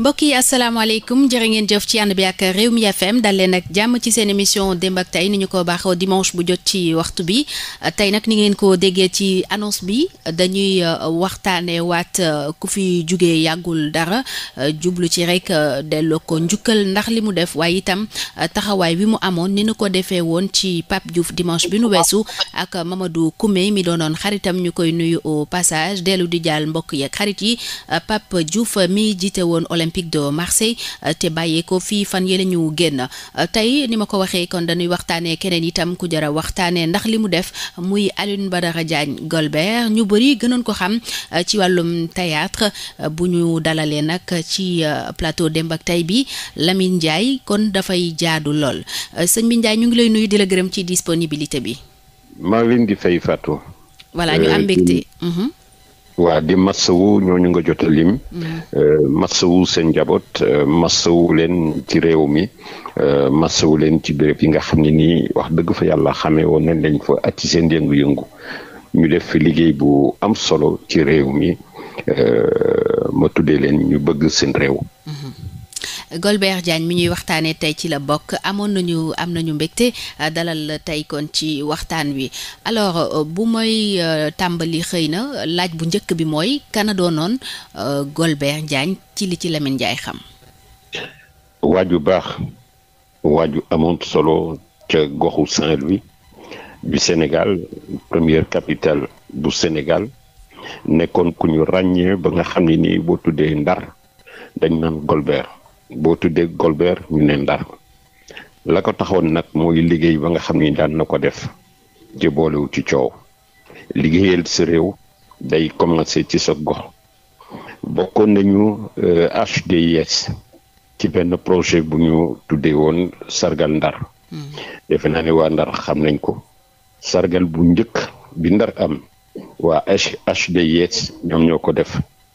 mbokk yi asalaamaaleykum jërë ngeen jëf ci ànd bi ak réew mi FM dal leen ak jàmm ci seen émission démb ak tey ni ñu ko baaxoo dimanche bu jot ci waxtu bi tey nag ni ngeen ko déggee ci annonce bi dañuy euh, waxtaanee waat euh, ku fi jugee yàggul dara euh, jublu ci rek delloo ko njukkal ndax li mu def waaye itam taxawaay bi mu amoon ni nu ko defee woon ci Pape Diouf dimanche bi nu weesu ak Mamadou Koumé mi doon doonoon xaritam ñu koy nuyu au passage dellu di jaal mbokk yeeg xarit yi Pape jiite woon olympique de Marseille euh, te bàyyee ko fii fan yële ñu génn euh, tey ni ma ko waxee kon dañuy waxtaanee keneen itam ku jara waxtaanee ndax li mu def muy Alioune Badara Diagne Golbert ñu bëri gënoon ko xam euh, ci wàllum théâtre bu ñu dalalee nag ci plateau Demb ak tey bi lamin Ndiaye kon dafay jaadu lool sëñ bi Ndiaye ñu ngi lay nuyu di la gërëm ci disponibilité bi. maa ngi leen di fay ñu am mbégte. waa di massawu ñooñu nga jot a lim. Euh, massawu seen njaboot euh, massawu leen ci réew mi euh, massawu leen ci béréb yi nga xam ne nii wax dëgg fa yàlla xamee woon nañ leen fa ak ci seen yëngu-yëngu ñu def fi liggéey bu am solo ci réew mi ma tuddee leen ñu bëgg seen réew. Golbert Diagne mi ñuy waxtaanee tey ci la bokk amoon nañu am nañu mbégte euh, dalal tey kon ci waxtaan wi alors euh, bu mooy euh, tàmbali xëy na laaj bu njëkk bi mooy kana doonoon Golbert Diagne ci li ci Lamine Ndiaye xam. waaju baax waaju amoon solo ca goxu Saint-Louis du Sénégal première capitale bu Sénégal nekkoon ku ñu ràññee ba nga xam ne nii boo tuddee Ndar dañ naan Golbert. boo tuddee golbeer ñu ne Ndar la ko taxoon nag mooy liggéey ba nga xam ni daan na ko def ci boolewu ci coow liggéeyal sa réew day commencé ci sa gox bokkoon nañu HDIS euh, ci benn projet bu ñu tuddee woon sargal Ndar hmm. defe naa ne waa Ndar xam nañ ko sargal bu njëkk bi Ndar am waa HDIS ñoom ñoo ko def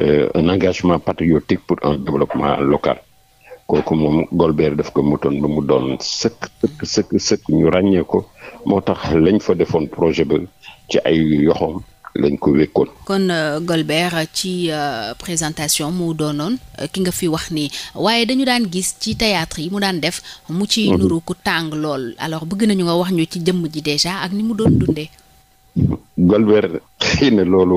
Euh, un engagement patriotique pour un développement local kooku moom Golbert def ko mutoon ba mu doon sëkk sëkk sëkk sëkk ñu ràññee ko moo tax lañ fa defoon projet ba ci ay yoxoom lañ ko wékkoon. kon euh, Golbert ci euh, présentation mu doonoon ki nga fi wax nii waaye dañu daan gis ci théâtre yi mu daan def. mu ci mhm. nuru ku tàng lool alors bëgg nañu nga wax ñu ci jëmm ji déjà ak ni mu doon dundee. Golbert xëy na loolu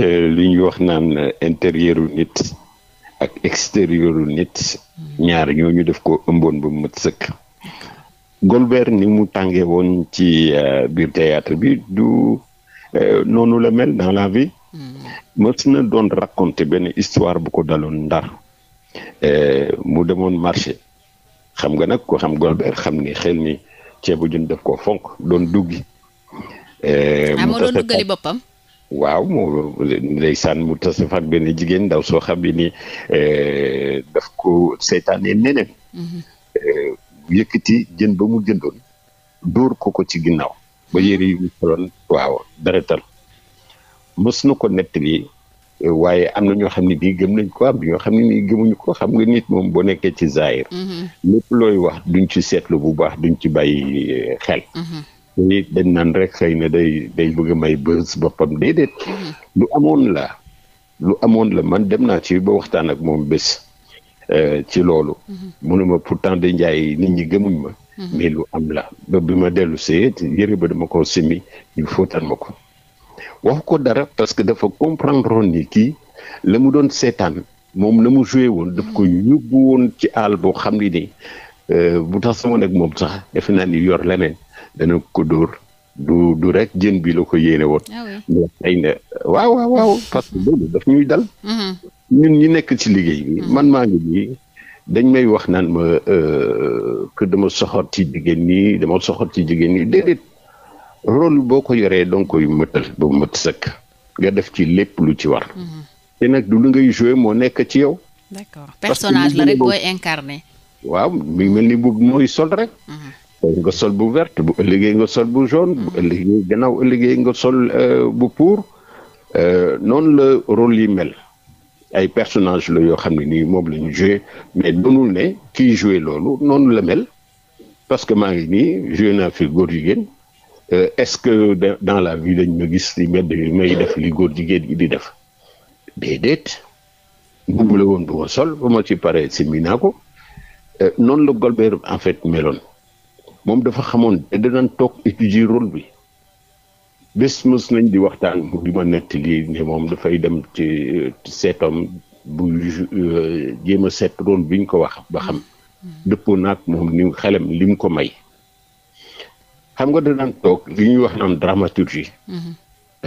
euh, li ñuy wax naan euh, intérieuru nit ak extérieuru nit ñaar ñooñu def ko ëmboon ba mu mat sëkk Golbert ni mu tàngee woon ci euh, biir théâtre bi du noonu la mel dans la vie mm. mës na doon raconter benn histoire bu ko daloon ndar mu demoon marché xam nga nag ko xam Golbert xam ni xel ni ceebu jën def ko fonk doon duggi Eh, mu doon duggali boppam. waaw mu ndeysaan mu tase fa benn jigéen ndaw soo xam ne nii eh, daf ko seetaanee neneen. Mhm. Eh, yëkkati jën ba mu jëndoon. dóor ko ko ci ginnaaw. ba yére yi mu soloon waaw deretal mës na ko bi waaye am na ñoo xam ne bii gëm nañ ko am ñoo xam ne nii gëmuñu ko xam nga nit moom boo nekkee ci zaahir. Mhm. lépp looy wax duñ ci seetlu bu baax duñ ci bàyyi xel. Mhm. nit dañ naan rek xëy na day day bëgg a may bës boppam déedéet mm-hmm. lu amoon la lu amoon la man dem naa ci ba waxtaan ak moom bés euh, ci loolu mm-hmm. munuma pourtant de njaay nit ñi gëmuñ ma mm-hmm. mais lu am la ba bi ma dellu see yëre ba dama ko simi ñu fóotal ma ko wax ko dara parce que dafa comprendre woon ni kii la mu doon seetaan moom la mu joué woon daf ko yóbbu woon ci àll boo xam ni ni euh, bu tax sama nag moom sax defe naa ni yor leneen dana ko dóor du du rek jën bi la ko yéene woon. ay ah na waaw waaw waaw parce loolu daf ñuy dal. Mm-hmm. ñun ñi nekk ci liggéey bi mm-hmm. man maa ngi nii dañ may wax naan ma euh, que dama soxor ci jigéen ñi dama soxor ci jigéen ñi déedéet rôle boo ko yoree dong koy mëtal ba mët sëkk nga def ci lépp lu ci war. Mm-hmm. te nag du lu ngay joué moo nekk ci yow. d'accord personnage la rek booy incarné. waaw mel ni bu mooy sol rek. nga sol bu vert bu ëllëgee nga sol bu jaune bu hmm. ëllëgee nga sol euh, bu pour euh, noonu la rôle yi mel ay personnage la yoo xam ne nii moom la ñu joué mais loolu noonu la mel parce que maa ngi nii joué naa fi góor jigéen euh, est-ce que dans la vie dañ ma gis ci mbedd def li góor jigéen gi di def déedéet bubu la woon bu ma sol bu ma ci paree simmi naa ko noonu la Golbert en fait meloon moom dafa xamoon te danañ toog étudier rôle bi bés mës nañ di waxtaan mu di ma nettali ne moom dafay dem ci seetoom bu euh, jéem a seet rôle biñ ko wax ba xam dëppoo naag moom ni xelam lim ko may xam nga danañ toog li ñuy wax naan dramaturgie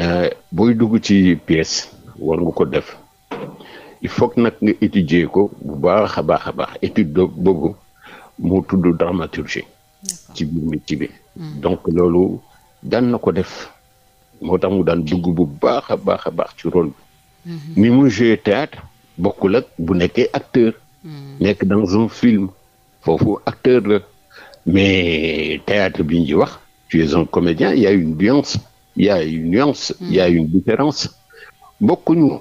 euh, booy dugg ci pièce war nga ko def il faut nag nga étudier ko bu baax a baax a baax étude boobu moo tudd dramaturgie ci biir métier bi. Mm. donc loolu daan na ko def moo tax mu daan dugg bu baax a baax a baax ci rol bi. ni mm-hmm. muy joué théâtre bokkul ak bu nekkee acteur. Mm. nekk dans un film foofu acteur la mais théâtre bi ñu wax tu es un comédien y a une nuance y mm. une différence bokkuñu.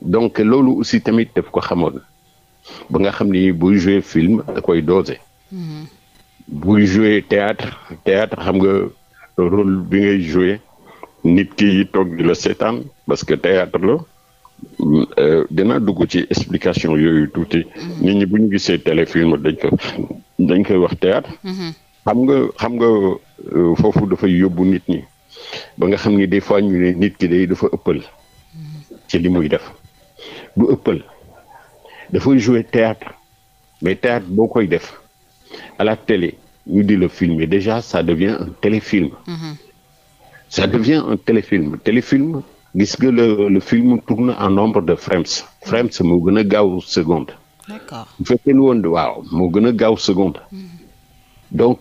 donc loolu aussi tamit def ko xamoon ba nga xam ni buy jouer film da koy doser. Mm-hmm. buy joué théâtre théâtre xam nga rôle bi ngay joué nit ki toog la seetaan parce que théâtre la euh, dina dugg ci explication yooyu tuuti mm-hmm. nit ñi buñ gisee télé téléfilm dañ ko dañ koy wax théâtre mm-hmm. xam nga xam nga euh, foofu dafay yóbbu nit ñi ba nga xam ni des fois ñu ne nit ki day dafa ëppal mm-hmm. ci li muy def du ëppal dafay jouer théâtre mais théâtre boo koy def à la télé ñu di la filmer déjà ça devient un téléfilm. Mmh. ça devient un téléfilm téléfilm gis nga le le film tourne en nombre de frames frames moo gën a gaaw seconde. d'accord bu fekkee ni woon waaw moo gën a gaaw seconde. Mhm. donc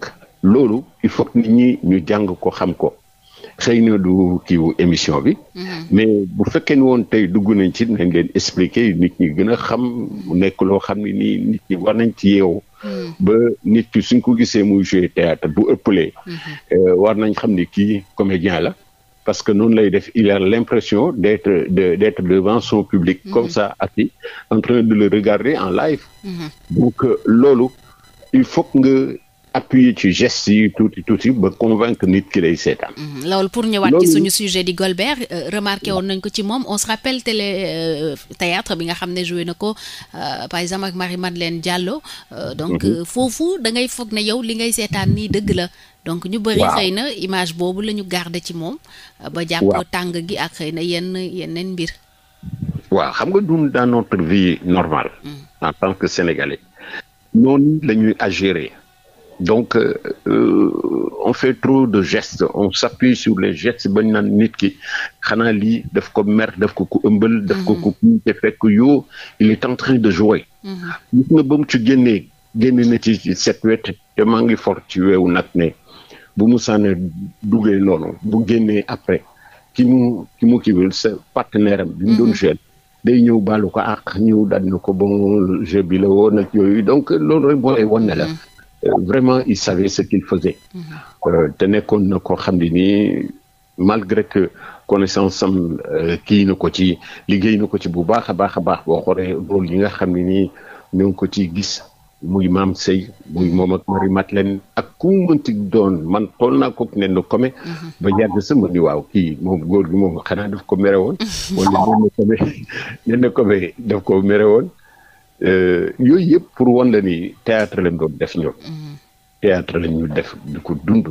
loolu il faut nit ñi ñu jàng ko xam ko xëy na du kiiwu émission bi. Mhm. mais bu fekkee ni woon tey dugg nañ ci nañ leen expliquer nit ñi gën a xam mu nekk loo xam ne nii nit ñi war nañ ci yeewu. Hmm. ba nit ki suñ ko gisee muy jouer théâtre bu ëppalee. Hmm. Euh, war nañ xam ni kii comédien la. parce que noonu la def il a l'impression d'être de d'être devant son public hmm. comme ça assis en train de le regarder en live mm -hmm. donc euh, il faut que appuyer ci gestes yi tuuti tuuti ba convaincre nit ki lay seetaan. Mhm. lool pour ñëwaat ci suñu sujet di Golbert euh, remarqué woon nañ ko ci moom on se rappelle télé euh, théâtre bi nga xam ne joué na ko euh, par exemple ak Marie leen jàlloo donc mhm. foofu da ngay foog ne yow li ngay seetaan nii dëgg la. donc ñu bëri xëy na image boobu la ñu garder ci moom. ba jàppoo tàng gi ak xëy na yenn yeneen mbir. waaw xam nga dund dans notre vie normal mhm. en tant que sénégalais. noonu donc euh, euh, on fait trop de gestes on s'appuie sur les gestes bañ naan nit ki xanaa lii def ko mer daf ko ku ëmbal. daf ko ku mhm. kuy fekk yoo il est en train de jouer. Mhm. gis nga ci génnee génne na ci set wet te maa ngi fort ci weewu nag ne bu mu sànnee duggee loolu bu génnee après ki mu ki mu kiwil sa partenaire am. bi mu doon mhm. jeune. day ñëw baalu ko àq ñëw daan ko bon jeu bi la woon ak yooyu donc loolu rek boo Euh, vraiment il savait ce qu'il faisait mm-hmm. euh, te nekkoon na koo xam ne nii malgré que connaissance am euh, kii na ko ci liggéey na ko ci bu baax a baax a baax boo xoolee rôle yi nga xam ne nii ñoo ngi ko ci gis muy maam Sey muy mm-hmm. moom ak Marie leen ak ku mënti doon man xool na ko ne nu mm-hmm. ba yàgg sama ni waaw kii moom góor gi moom xanaa def ko mere woon wala nenn comme nenn comme daf ko mere Euh, yooyu yëpp pour wan la ni théâtre lañ doon def ñoom. Mm-hmm. théâtre lañ ñu def di ko dund.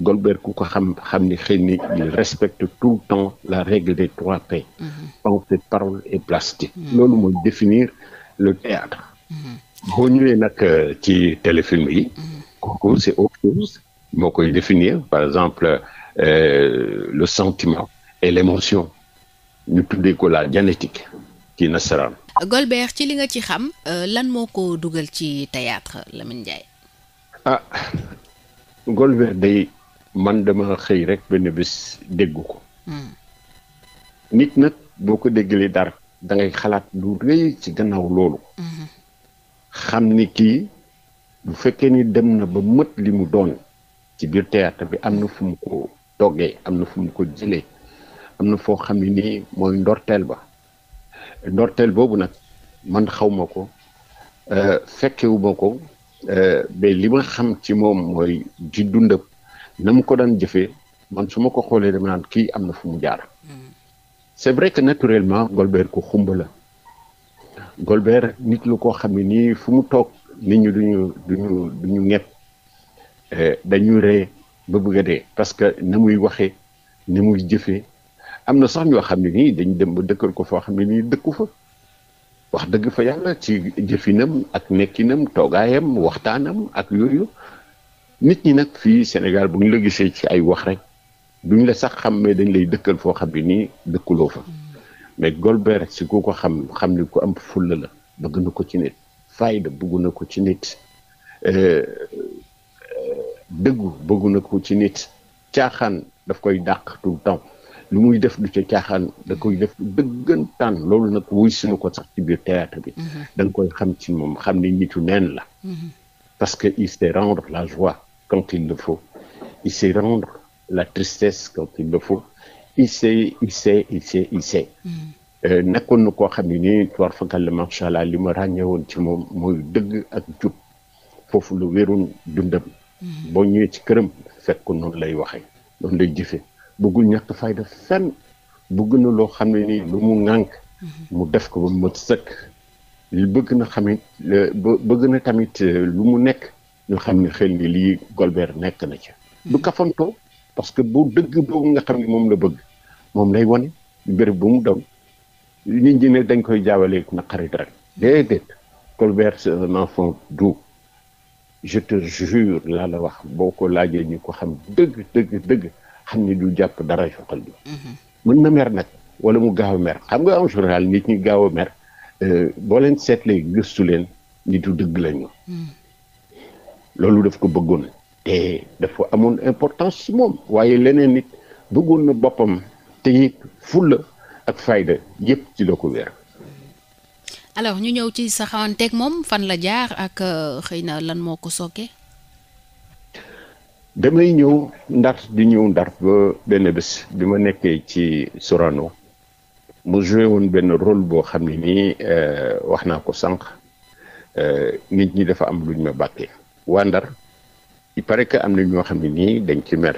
Golbert ku ko xam xam ni xëy il respecte tout le temps la règle des trois P. Mm-hmm. pensée parole et plastique. Mm-hmm. loolu mooy définir le théâtre. boo ñëwee euh, ci téléfilm yi. kooku c'est autre chose. moo koy définir par exemple euh, le sentiment et l'émotion ñu tuddee ko la dianétique ci nasaraan. Golbert ci li nga ci xam euh, lan moo ko dugal ci théâtre Lamine Ndiaye. ah Golbert day man dama xëy rek benn bés dégg ko. Hmm. nit nag boo ko déggalee dara dangay xalaat lu rëy ci gannaaw loolu. Hmm. xam ni kii bu fekkee ni dem na ba mët li mu doon ci biir théâtre bi am na fu mu ko toggee am na fu mu ko jëlee am na foo xam ne nii mooy ndorteel ba. ndorteel boobu nag man xawma ko euh, fekkewu ma ko euh, mais li ma xam ci moom mooy di dundam na mu ko daan jëfee man su ma ko xoolee dama naan kii am na fu mu jaar mm. c'est vrai que naturellement Golbert ko xumba la Golbert nit lu koo xam ne nii fu mu toog nit ñi duñu duñu duñu ñepp euh, dañuy ree ba bëgg a parce que na muy waxee ni muy jëfe am na sax ñoo xam ne nii dañ dem ba dëkkal ko foo xam ne nii dëkku fa wax dëgg fa yàlla ci jëfinam ak nekkinam toogaayam waxtaanam ak yooyu nit ñi nag fii Sénégal bu ñu la gisee ci ay wax rek duñ la sax xam mais dañ lay dëkkal foo xam ne nii dëkkuloo fa mais Golbert si ku ko xam xam ni ku am fulla la bëgg na ko ci nit fayda bëgg na ko ci nit euh, euh, dëggu bëgg na ko ci nit caaxaan daf koy dàq tout temps lu muy def du ca caaxaan da koy def dëggantaan loolu nag wuy suñu ko sax ci biir théâtre bi mhm. da nga koy xam ci moom xam ni nitu neen la mhm. parce que il sait rendre la joie quand il le faut il sait rendre la tristesse quand il le faut il sait il sait il sait mhm. euh, nekkoon na koo xam ne nii war fakal la macha allah li ma ràññewoon ci moom mooy dëgg ak jub foofu lu wéroon dundam boo ñëwee ci këram fekk noonu lay waxee noonu lay jëfee bëggul ñàkk fayda fenn bëgg na loo xam ne nii lu mu ŋànk mhm. mu def ko ba mu mën sëkk bëgg na xamit bëgg na tamit euh, lu mu nekk ñu xam ne xel ni lii Golbert nekk na ci du mhm. kafantoo parce que bu dëgg boobu nga xam ni moom la bëgg moom lay wane bërëb bu mu doon nit ñi ne dañ koy jaawaleeg na rek déedéet Golbert c'est la wax boo ko laajee ñu ko xam dëgg dëgg dëgg xam ni du jàpp dara ci bi mhm. mën na mer nag wala mu gaaw a mer xam nga en général nit ñi gaaw a mer euh, boo leen seetlee gëstu leen nitu dëgg lañu mhm. loolu daf ko bëggoon te dafa amoon importance ci moom waaye leneen nit bëggoon na boppam te it fulla ak fayda yëpp ci la ko weer alors ñu ñëw ci sa moom fan la jaar ak euh, xëy na lan moo ko sokkee damay ñëw ndar di ñëw ndar ba benn bés bi ma nekkee ci Sorano mu joué woon benn rôle boo xam ne nii euh, wax naa ko sànq euh, nit ñi dafa am luñ ma bàkkee waa ndar il paraît que am na ñoo xam ne nii dañ ci mer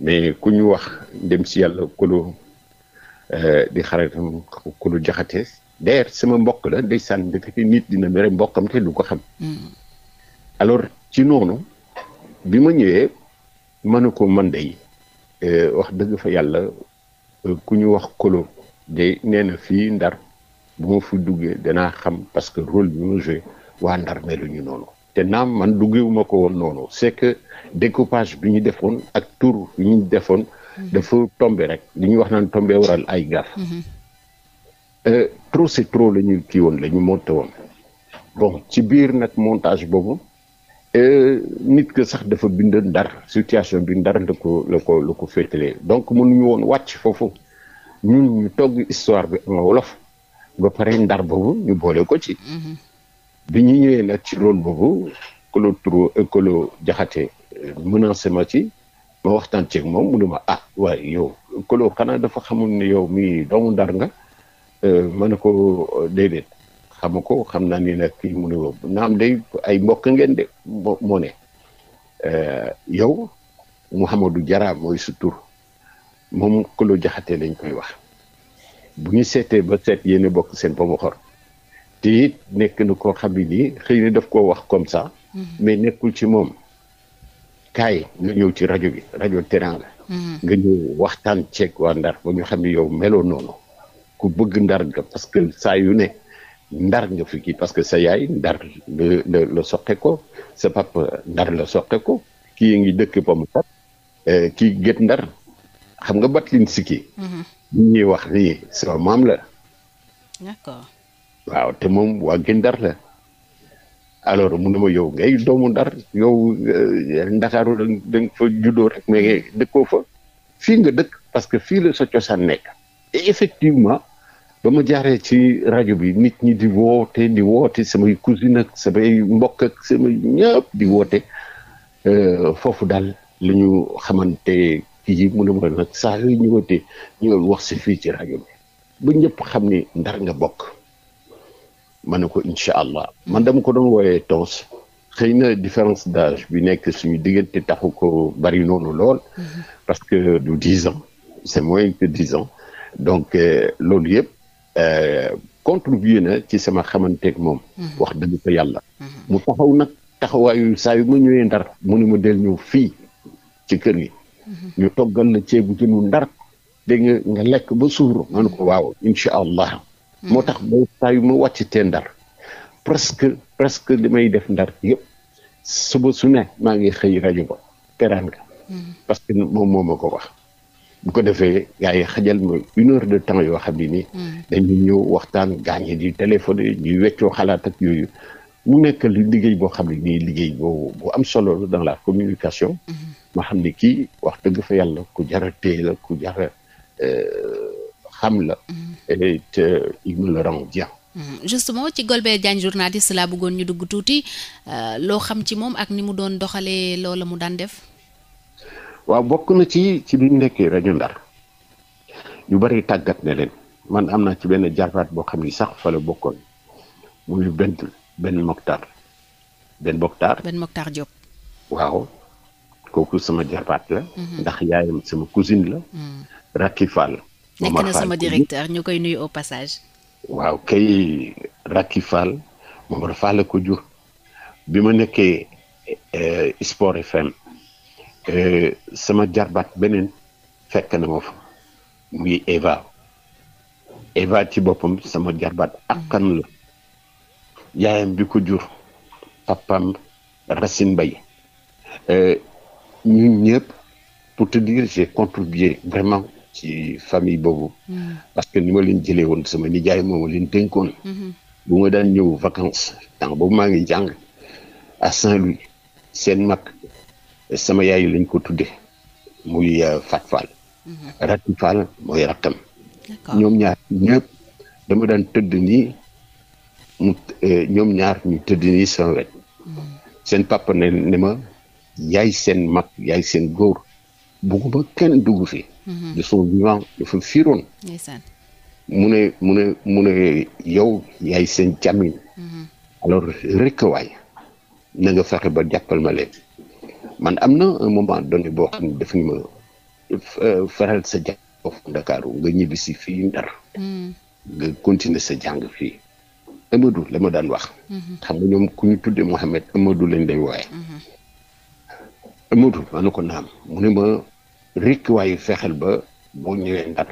mais ku ñu wax dem si yàlla kolo euh, di xaritam kolo jaxate d'ailleurs sama mbokk la ndeysaan ndekete nit dina mere mbokkam te du ko xam mm. alors ci noonu bi ma ñëwee mënu ko man day eh, wax dëgg fa yàlla eh, ku ñu wax kolo de nee na fii ndar bu ma fi duggee danaa xam parce que rôle bi ma joué waa ndar melu ñu noonu te naam man duggewuma ko woon noonu c'est que découpage bi ñu defoon ak tour bi ñu defoon dafa tombé rek li ñuy wax naan tombé waral ay gaaf mhm. eh, trop c'est trop la ñu kii woon lañu ñu woon bon ci biir nag montage boobu Euh, nit ki sax dafa bind ndar situation bi ndar la ko la ko la ko féetalee donc mënuñu woon wàcc foofu ñun ñu togg histoire bi ama wolof ba pare ndar boobu ñu boole ko ci mhm. bi ñu ñëwee nag ci rol boobu Kolo Touré Kolo Jaxate menacé ci ma waxtaan ceeg moom mu ne ma ah waaye yow Kolo xanaa dafa xamul ne yow mi doomu ndar nga euh, ma ne ko déedéet xamu ko xam naa ni nag kii mu ne naam day ay mbokk ngeen de moo ne eh, yow Mouhamadou Diarra mooy su tur moom Kolo Jaxate lañ koy wax bu ñu seetee ba seet yéen bokk seen ba mu xor te it nekk na koo xam xëy na def ko wax comme ça. Mm-hmm. mais nekkul ci moom. kaay nga ñëw ci rajo bi rajo Teranga. Mm-hmm. nga ñëw waxtaan ceeg waa Ndar ba ñu xam ne yow noonu ku bëgg Ndar nga parce que saa yu ne. ndar nga fi parce que sa yaay ndar la la soqe ko sa papa ndar la soqe ko kii ngi dëkk Pomme de Terre kii gët ndar xam nga batlin sikki mhm. ñu wax nii sama maam la waaw te moom waa gën ndar la alors mu ne ma yow ngay doomu ndar yow eh, ndakaaru da danga fa juddoo rek mais dëkkoo fa fii nga dëkk parce que fii la sa cosaan nekk et effectivement ba ma jaaree ci rajo bi nit ñi di woote di woote samay cousine ak samay mbokk ak samay ñëpp di woote euh, foofu daal la ñu xamante kii mu ne ma nag saa yooyu ñëwatee ñëwal wax si fii ci rajo bi ba ñëpp xam ni ndar nga bokk ma ne ko incha allah man dama ko doon wooyee tons xëy na différence d'âge bi nekk suñu diggante taxu ko bari noonu lool mm-hmm. parce que du dix ans c'est moins que dix ans donc euh, loolu yëpp Euh, contribué na ci sama xamanteeg moom. Mhm. wax dëgg fa yàlla. Mhm. mu taxaw nag taxawaayu saa yu ma ñëwee ndar mu ne ma del ñëw fii ci kër gi. Mhm. ñu toggal la ceebu jënu ndar dégg nga nga lekk ba suur ma ne ko waaw incha allah. moo tax ba saa yu ma wàcc tee ndar presque presque damay def ndar yëpp suba su ne maa ngi xëy rajo ba teraan parce que moom moo ma ko wax. bu ko defee gars yi xajal ma une heure de temps yoo xam ne nii. Hmm. dañuy ñëw waxtaan gaañe di téléphoné ñuy weccoo xalaat ak yooyu mu nekk li liggéey boo xam ne nii liggéey boo bu am solo la dans la communication. Hmm. ma xam ne kii wax dëgg fa yàlla ku jar a la ku jar euh, xam la. Hmm. et il me le rend bien. justement ci Golbert Diagne journaliste laa bëggoon ñu dugg tuuti euh, loo xam ci moom ak ni mu doon doxalee loola mu daan def. waaw bokk na ci ci biñ nekkee rajo Ndar ñu bari tàggat ne leen man am na ci benn jarbaat boo xam ni sax fa la bokkoon muy benn benn moktar benn moktar benn waaw kooku sama jarbaat la. Mhm. ndax yaayam sama cousine la. Mhm. Racky Fall. nekk na sama directeur ñu koy ko jur bi ma nekkee eh, Sport FM. Euh, sama jarbaat beneen fekk na ma fa muy Eva Eva ci boppam sama jarbaat akkan la yaayam bi ko jur papam Racine Bay euh, ñun ñëpp pour te dire j'ai contribué vraiment ci famille boobu mm. parce que ni ma leen jëlee woon sama nijaay moom leen mm-hmm. bu ma daan ñëw vacances temps boobu maa ngi jàng à Saint-Louis seen mag sama yaay lañ ko tudde muy euh, Fat Fall mhm. Rati Fall mooy rakkam ñoom ñaar ñëpp dama daan tëdd nii euh, ñoom ñaar ñu tëdd nii sama wet mhm. seen papa ne ne ma yaay seen mag yaay seen góor bugguma kenn dugg fi de son vivant dafa fiiroon mu ne mu ne mu ne yow yaay seen jamin mhm. alors rek waay na nga fexe ba jàppal ma leen man am na un moment donné boo xam ne daf ñu ma euh, faral sa jàng foofu Ndakaaru nga ñibbisi fii Ndar hmm. nga continuer sa jàng fii Amadou la ma daan wax hmm. xam nga ñoom ku ñu tudde Mohamed Amadou lañ lay wooye hmm. Amadou ma ko naam mu ne ma rekk waayu fexeel ba boo ñëwee Ndar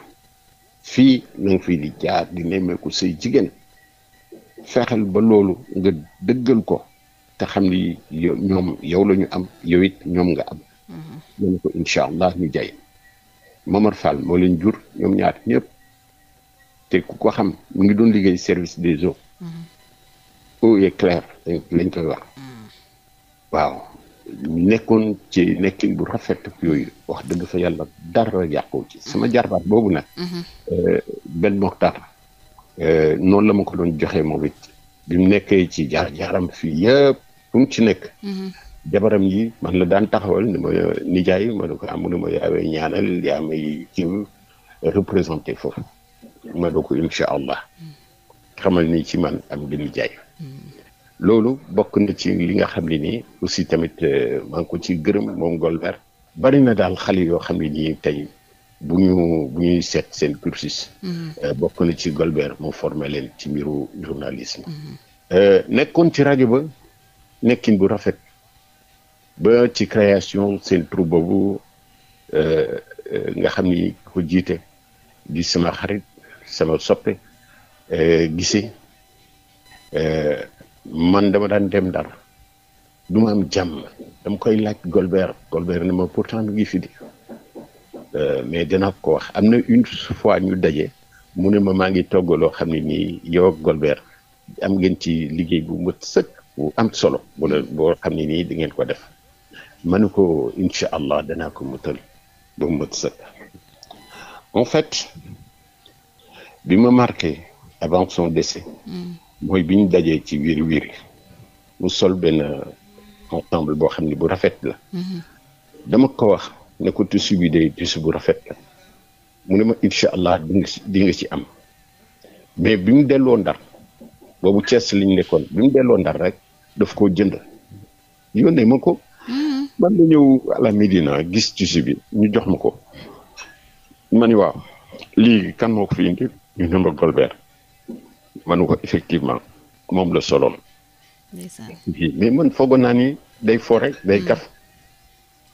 fii na fii di jaar di nemmeeku say jigéen fexeel ba loolu nga dëggal ko te xam ni ñoom yow la ñu am yow it ñoom nga am. Mm-hmm. ñu ne ko incha allah ñu jaay Momar Fall moo leen jur ñoom ñaar ñëpp te ku ko xam mu ngi doon liggéey service des eaux. Mm-hmm. eau et clair lañ koy wax. Mm-hmm. waaw nekkoon ci nekkin bu rafet ak yooyu wax dëgg fa yàlla dara yàqoo ci sama jarbaat boobu nag. Euh, benn moxtar euh, noonu la ma ko doon joxee moom it bi nekkee ci jaar jaaram fii fu ci nekk. Mhm. jabaram yi man la daan taxawal ni ma nijaay ma ne ko am ah, ni ma yaawee ñaanal yaa may jiw représenté foofu ma ne ko incha allah xamal ni ci man am di nijaay mhm. loolu bokk na ci li nga xam ne nii aussi tamit euh, maa ngi ko ci gërëm moom Golbert bari na daal xale yoo xam ne nii tey bu ñu bu seet seen cursus mhm. euh, bokk na ci Golbert mu formé leen ci mbiru journalisme euh, nekkoon ci rajo ba nekkin bu rafet ba ci création seen troupe boobu euh, nga xam ni ku jiite di sama xarit sama soppe euh, gise euh, man dama daan dem Ndar du ma am jàmm dama koy laaj golbeer Golbert ne ma pourtant mi ngi fi di mais dana ko wax am na une fois ñu daje mu ne ma maa ngi togg loo xam ne nii yow golbeer am ngeen ci liggéey bu mët sëkk bu am solo bu boo xam ni nii di ngeen ko def ma ne ko incha allah danaa ko mëtal ba mu mët sëkk en fait bi ma marqué avant son décès mooy bi dajee ci wiri wiri mu sol benn ensemble boo xam ne bu rafet la dama ko wax ne ko tissu bi day tissu bu rafet la mu ne ma incha allah di nga ci di ci am mais bi mu delloo ndar boobu Cees liñ nekkoon bi mu delloo ndar rek daf koo jënd yónnee ma ko. Mm-hmm. man ma ñëw à la Médina gis tissu bi ñu jox ma ko. ma ni waaw lii kan moo ko fi ñu ne ma Golbert ne ko effectivement moom la soloon. mais man foogoon naa ni day fo rek day kaf.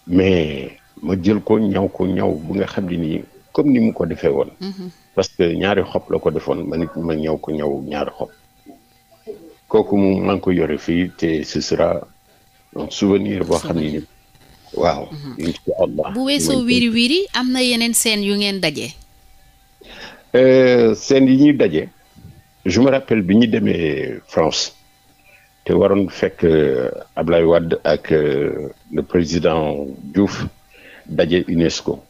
Mm. mais ma jël ko ñaw ko ñaw bu nga xam ni nii comme ni mu ko defee woon. Mm-hmm. parce que ñaari xob la ko defoon ma ni ma ñaw ko ñaw ñaari xob. kooku moom maa ngi ko yore fii te ce sera un souvenir boo xam ne waaw mhm. incha allah bu weesoo wiri wiri am na yeneen seen yu ngeen daje euh, scène yi ñuy daje je me bi ñu demee France te waroon fekk euh, Ablaye Wade ak euh, le président juuf daje UNESCO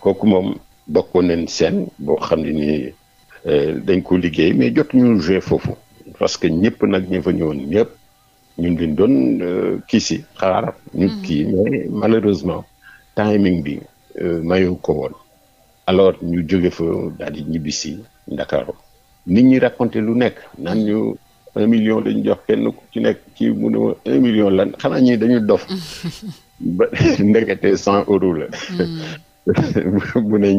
kooku moom bokkoo nañ seen boo xam ne ni dañ ko liggéey mais jotuñu joué foofu parce que ñëpp nag ñi fa ñëwoon ñëpp ñun dañ doon euh, kii si xaar ñu mm-hmm. kii mais malheureusement timing bi euh, mayoo ko woon alors ñu jóge fa daal di ñibbi si Ndakaaru nit ñi raconté lu nekk naan ñu un million dañu jox kenn ku ci nekk ci mu ne un million lan xanaa ñi dañu dof ba ndekete cent euros la mm. mu ne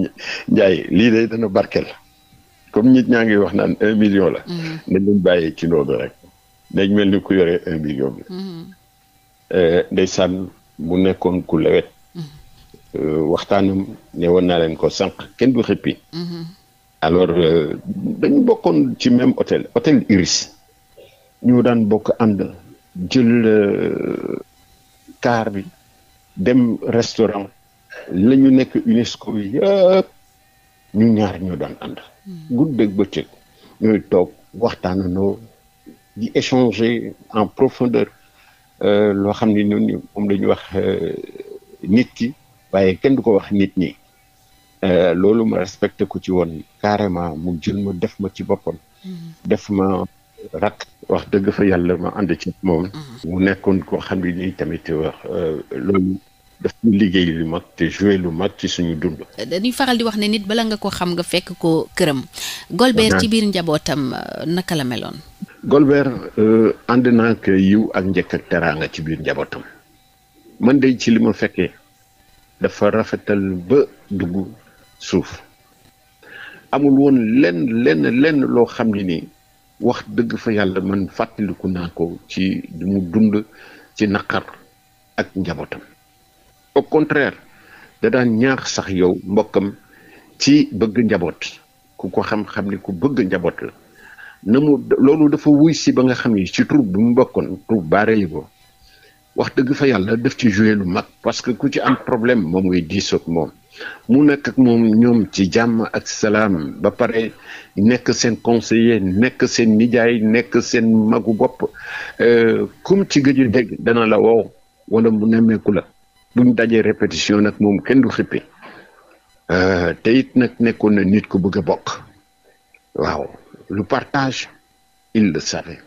Njaay lii de dana barkeel comme nit ñaa ngi wax naan un million la. Mhm. nañ leen bàyyi ci loolu rek. dañ mel ni ku yore un million bi. Mhm. Eh, ndeysaan bu nekkoon ku lewet. Mhm. Euh, waxtaanam ne woon leen ko sànq kenn du xëppi. alors euh, dañu bokkoon ci même hôtel hôtel Iris. ñu daan bokk ànd jël euh, car bi dem restaurant la ñu nekk UNESCO yëpp ñu ñaar ñoo daan ànd. guddeeg bëccëg ñooy toog waxtaan waxtaanandoo di échanger en profondeur euh, loo xam ne ñun moom la ñu wax euh, nit ki waaye kenn du ko wax nit ñi euh, loolu ma respecté ko ci woon carrément mu jël ma def ma ci boppam def ma rak wax dëgg fa yàlla ma ànd ci moom mm-hmm. mu nekkoon koo xam ne nii loolu daf liggéey lu mag te joué lu mag ci suñu dund. dañuy faral di wax ne nit bala nga ko xam nga fekk ko këram. Golbert ci biir njabootam euh, naka la meloon. Golbert euh, ànd naa ak yiw ak njëkk ak teraanga ci biir njabootam. man de ci li ma fekkee dafa rafetal ba dugg suuf amul woon lenn lenn loo xam ni nii wax dëgg fa yàlla man fàttaliku naa ko ci li mu dund ci naqar ak njabootam. au contraire da daan ñaax sax yow mbokkam ci bëgg njaboot ku ko xam-xam ni ku bëgg njaboot la na mu loolu dafa wuy si ba nga xam ni ci troupe bi mu bokkoon troupe Baareligo wax dëgg fa yàlla def ci joué lu mag parce que ku ci am problème moom ngay diisoog moom mu nekk moom ñoom ci jàmm ak salaam ba pare nekk seen conseiller nekk seen nijaay nekk seen magu bopp comme euh, ci gëju dégg dana la wow wala mu nemmeeku la buñ daje répétition nag moom kenn du xippe euh, te it nag nekkoon na nit ku bëgg a bokk waaw lu partage il le savait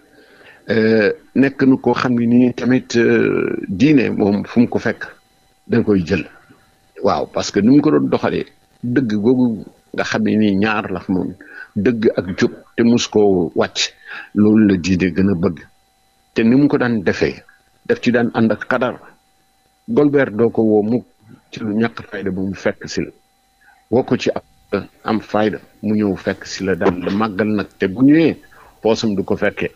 euh, nekk nu koo xam ne nii tamit euh, diine moom fu mu ko fekk dañ koy jël waaw parce que ni ko doon doxalee dëgg googu nga xam ne nii ñaar la moom dëgg ak jub te mus koo wàcc loolu la diine gën a bëgg te ni mu ko daan defee def ci daan ànd ak kadar Golbert doo ko woo mu ci lu ñàkk fayda bu mu fekk si la woo ko ci euh, am fayda mu ñëw fekk si la daal la màggal nag te bu ñëwee poosam du ko fekkee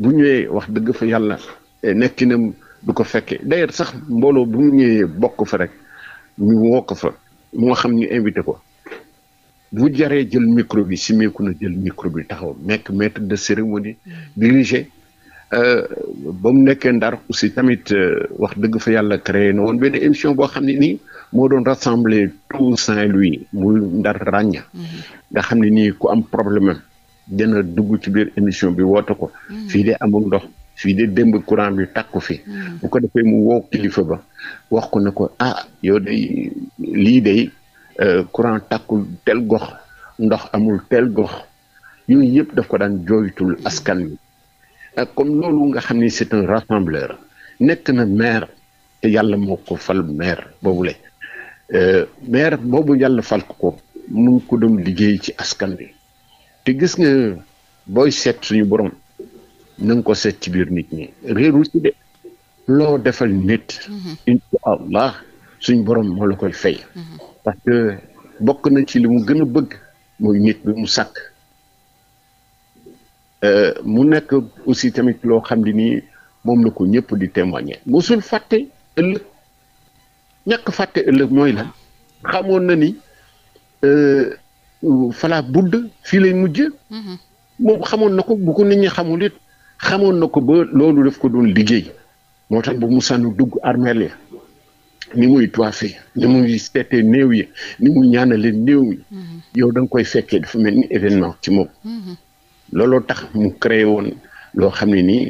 bu ñëwee wax dëgg fa yàlla eh, nekkinam du ko fekke d'ailleurs sax mbooloo bu ñëwee bokk fa rek ñu woo ko fa mu xam ñu invité ko bu jaree jël micro bi si meeku na jël micro taxaw mekk maître de cérémonie mm. dirigé Euh, ba mu nekkee ndar aussi tamit euh, wax dëgg fa yàlla créé na woon benn émission boo xam ne nii moo doon rassembler tout Saint-Louis muy ndar ràñña mm-hmm. nga xam ne nii ku am problème am dina dugg ci biir émission bi woote ko mm-hmm. fii de amul ndox fii de démb courant bi takku fi mm-hmm. bu mu woo kilifa ba wax ko ne ko ah yow de lii day euh, courant takkul tel gox ndox amul tel gox yooyu yëpp daf ko daan jooytul askan wi kon euh, loolu nga xam ni c'est un rassembleur nekk na maire te yàlla moo ko fal maire boobule euh, maire boobu yàlla fal ko mu ko doon liggéey ci askan bi te gis nga booy seet suñu borom na nga ko seet ci biir nit ñi réeru ci de loo defal nit mhm. incha allah suñu borom moo la koy fay mhm. parce bokk na ci li mu gën a bëgg mooy nit bi mu sàkk Euh, mu nekk aussi tamit loo xam ne nii moom la ko ñëpp di témoigner mosul fàtte ëllëg ñàkk fàtte ëllëg mooy lan xamoon na ni euh, fala budd fii lay mujj mhm. moom xamoon na ko bu ko nit ñi xamul it xamoon na ko ba loolu def ko doon liggéey moo tax bu musaanu dugg armeel ya ni muy toife ni muy seetee néew yi ni muy ñaanalee néew yi mhm. yow da koy fekkee dafa ni événement ci moom mhm. looloo tax mu créé woon loo xam ne nii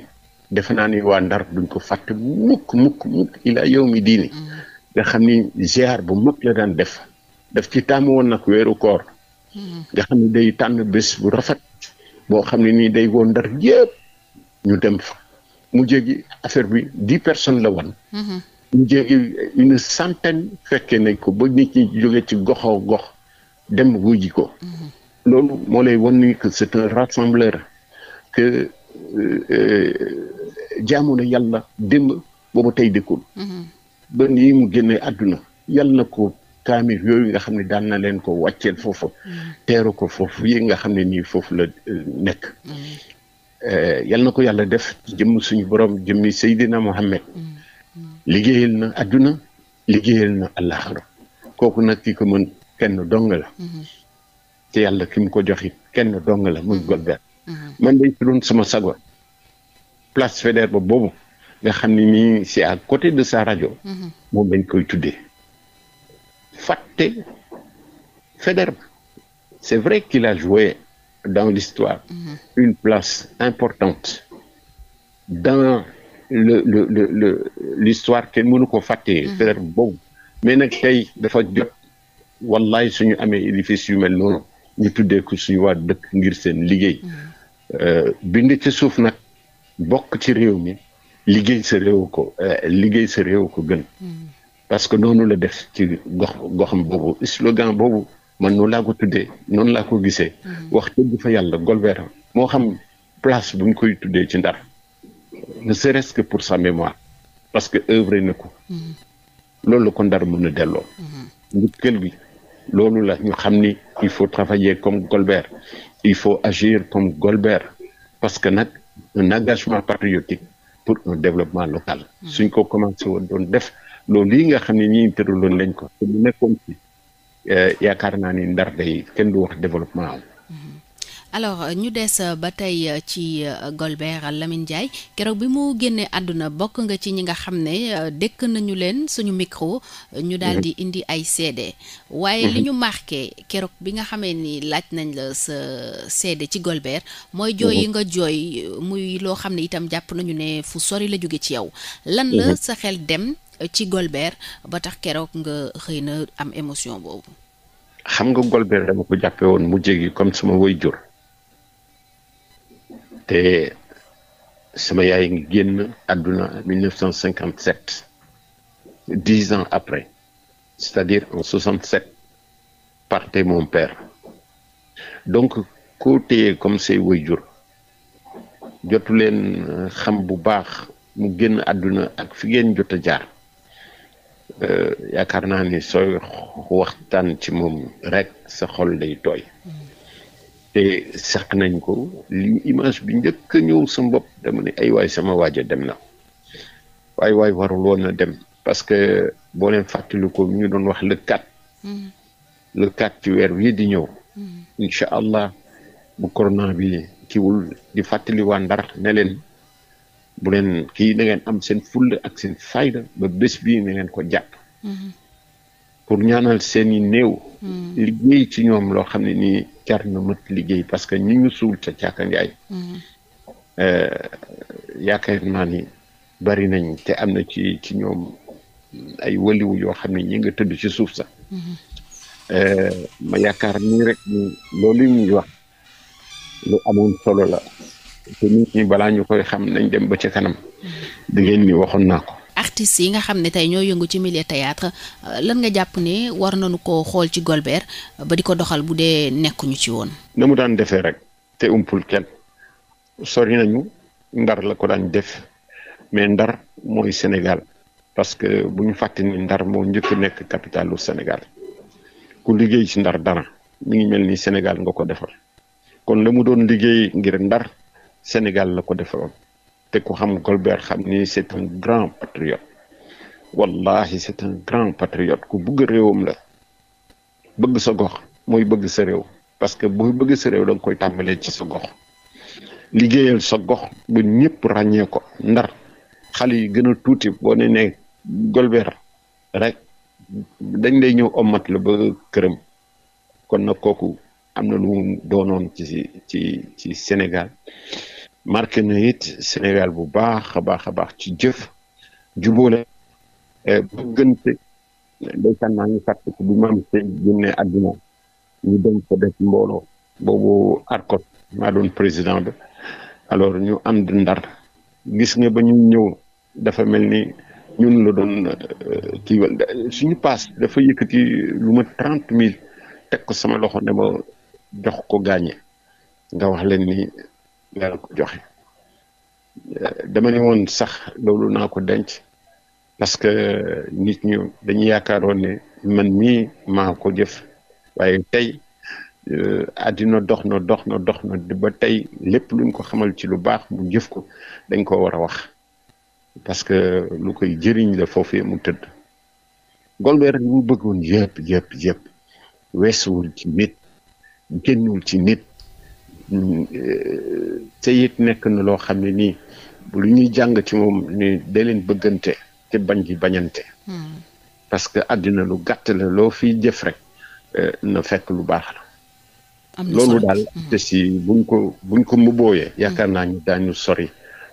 defe naa ni waa Ndar duñ ko fàtte mukk mukk mukk ila yow mi diini mm. nga xam ni ziar bu mag la daan def daf ci tàmm woon nag weeru koor mm. nga xam ni day tànn bés bu rafet boo xam ne nii day woon Ndar yëpp ñu dem fa mu jéegi affaire bi dix personnes la woon mm-hmm. mu jéegi une centaine fekkee nañ ko ba nit ñi jóge ci goxoo gox dem wuy ko mm-hmm. loolu moo lay wan ni que c'est un rassembleur que euh, euh, jaamu na yàlla démb booba tey dëkkul. Mhm. ba nii mu génne àdduna yàlla na ko kaamil yooyu nga xam ne daal na leen ko wàcceel foofu. Mhm. teeru ko foofu yi nga xam ne nii foofu la euh, nekk. Mhm. yàlla na ko yàlla def jëmm suñu borom jëmmi Seydina Mohamed. liggéeyal na àdduna liggéeyal na àllaaxira kooku nag ki ko mën kenn dong la. ci yàlla ki mu ko joxit kenn dong la muy mm-hmm. Golbert mm-hmm. man day su doon sama sago place Faidherbe boobu nga xam ne nii c'est à côté de sa rajo mm-hmm. moom lañ koy tuddee fàtte Faidherbe c'est vrai qu'il a joué dans l'histoire une place importante dans l'histoire kenn mënu ko fàttee Faidherbe boobu mais nag tey dafa jot wallahi suñu amee édifice yu mel noonu ñu tuddee ko suñu waa dëkk ngir seen liggéey. Mm. Euh, bind ci suuf nag bokk ci réew mi liggéey sa réew ko euh, liggéey sa ko gën. Mm. parce que noonu la def ci gox goxam boobu slogan boobu man noonu laa ko tuddee noonu laa ko gisee. Mm. wax dëgg fa yàlla Golbert moo xam place bu koy tuddee ci ndar ne serait-ce que pour sa mémoire parce que œuvre na ko. loolu ko ndar mën a delloo. Mm-hmm. njukkal gi loolu la ñu xam ni il faut travailler comme Golbert il faut agir comme Golbert parce que nag un engagement patriotique pour un développement local hmm. suñ ko commencé woon doon def loolu yi nga xam ne ñi tëraloon lañ ko te bu eh, yaakaar naa ni ndar day kenn du wax développement alors euh, ñu des euh, ba tey euh, ci Golbert lamin Ndiaye keroog bi mu génnee àdduna bokk nga ci ñi nga xam ne dëkk nañu leen suñu micro. ñu daal di mm-hmm. indi ay seede. waaye li mm-hmm. ñu marqué keroog bi nga xamee ni laaj nañ la sa seede ci Golbert. mooy jooy yi mm-hmm. nga jooy muy loo xam ne itam jàpp nañu ne fu sori la jóge ci yow. lan la sa xel dem ci Golbert ba tax keroog nga xëy na am émotion boobu. xam nga Golbert dama ko jàppee woon mu jéggi comme sama jur te sama yaay ngi génn àdduna 1957 dix ans après c'est-à-dire en 67 partait mon père donc koo téye comme say jur jotu leen euh, xam bu baax mu génn àdduna ak fi ngeen jot a jaar euh, yaakaar naa ni sooy waxtaan ci moom rek sa xol day tooy. Mm. te seq nañ ko li image bi njëkk ñëw sama bopp dama ne ay waay sama waaja dem na waay waay warul woon dem parce que boo leen fàttali ko ñu doon wax le 4 mm-hmm. le 4 ci weer wii di ñëw mm-hmm. incha allah bu corona bi kiwul di fàttali waa Ndar ne leen bu leen kii na am seen fulla ak seen fayda ba bés bii na ko jàpp mm-hmm. pour ñaanal seen i néew liggéey ci ñoom loo xam ne nii na mët liggéey parce que ñi ngi suul ca Caaka Njaay mm-hmm. euh, yaakaar naa ni bari nañ te am na ci ci ñoom ay waliwu yoo xam ne ñi nga tëdd ci suuf sax mm-hmm. euh, ma yaakaar nii rek ni loolu ñuy wax lu amoon solo la te nit ñi balaa ñu koy xam nañ dem ba ca kanam mm-hmm. di ni waxoon artistes yi nga xam ne tey ñoo yëngu ci milieu théâtre euh, lan nga jàpp ne war nañu ko xool ci Golbert euh, ba di ko doxal bu dee nekkuñu ci woon. na mu daan defee rek te umpul kenn sori nañu ndar la ko daan def mais ndar mooy Sénégal parce que bu ñu fàtte ni ndar moo njëkk nekk capitalu Sénégal ku liggéey ci ndar dara mu ngi mel ni Sénégal nga ko defal kon la mu doon liggéey ngir ndar Sénégal la ko defaloon te ku xam Golbert xam ni c'est un grand patriote wallahi c'est un grand patriote ku bëgg réewam la bëgg sa gox mooy bëgg sa réew parce que booy bëgg sa réew da koy tàmbalee ci sa gox liggéeyal sa gox bu ñëpp ràññee ko ndar xale yi gën a tuuti boo ne ne golbeer rek dañ lay ñëw omat la ba këram kon nag kooku am na lu mu doonoon ci ci ci Sénégal marqué na it Sénégal bu baax a baax a baax ci jëf jubóole bëggante eh, ndeysaan maa ngi fàtt ko bu maam sëy génne àdduna ñu dem ko def mbooloo boobu arkot maa doon président bi alors ñu am di ndar gis nga ba ñu ñëw dafa mel ni ñun la doon eh, kiiwal suñu paas dafa yëkkati lu ma trente mille teg ko sama loxo ne ma jox ko gaañe nga wax leen ni laa ko joxe eh, dama ne woon sax loolu naa ko denc parce que nit ñu dañuy yaakaaroon ne man mii maa ko jëf waaye tey euh, àddina dox na dox na dox na ba tey lépp luñ ko xamal ci lu baax mu jëf ko dañ ko war a wax parce que lu koy jëriñ la foofee mu tëdd Golbert li mu bëggoon yëpp yëpp yëpp weesuwul ci nit génnul ci nit te it nekk na loo xam ne nii lu ñuy jàng ci moom ni da bëggante te bañ di bañante. Hmm. parce que àddina lu gàtt la loo fi jëf rek eh, na fekk lu baax la. loolu daal hmm. te si buñ ko buñ ko mbooyee. Hmm. yaakaar naa ñu daañu sori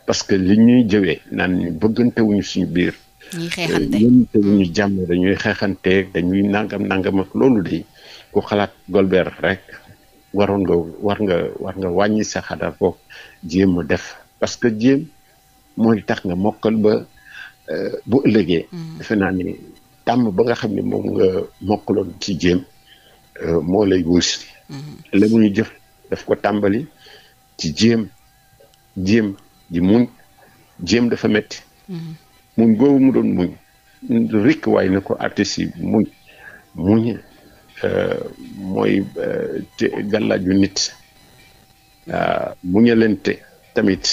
parce que li ñuy jëwee naan ñu bëggante wuñu suñu biir. ñuy eh, wuñu jàmm dañuy xeexante dañuy nangam nangam ak loolu de ku xalaat golbeer rek waroon nga war nga wàññi sa xadar boog jéem a def parce que jéem mooy tax nga mokkal ba. bu ëllëgee. defe naa ni tàmm ba nga xam ne moom nga mokkaloon ci jéem euh, moo lay wóosi. Mhm. la muy jëf daf ko tàmbali ci jéem jéem ji muñ jéem dafa metti mhm. muñ googu mu doon muñ rikk waaye na ko artiste yi muñ muñ euh, mooy euh, te gàllaaju nit mhm. muñalente tamit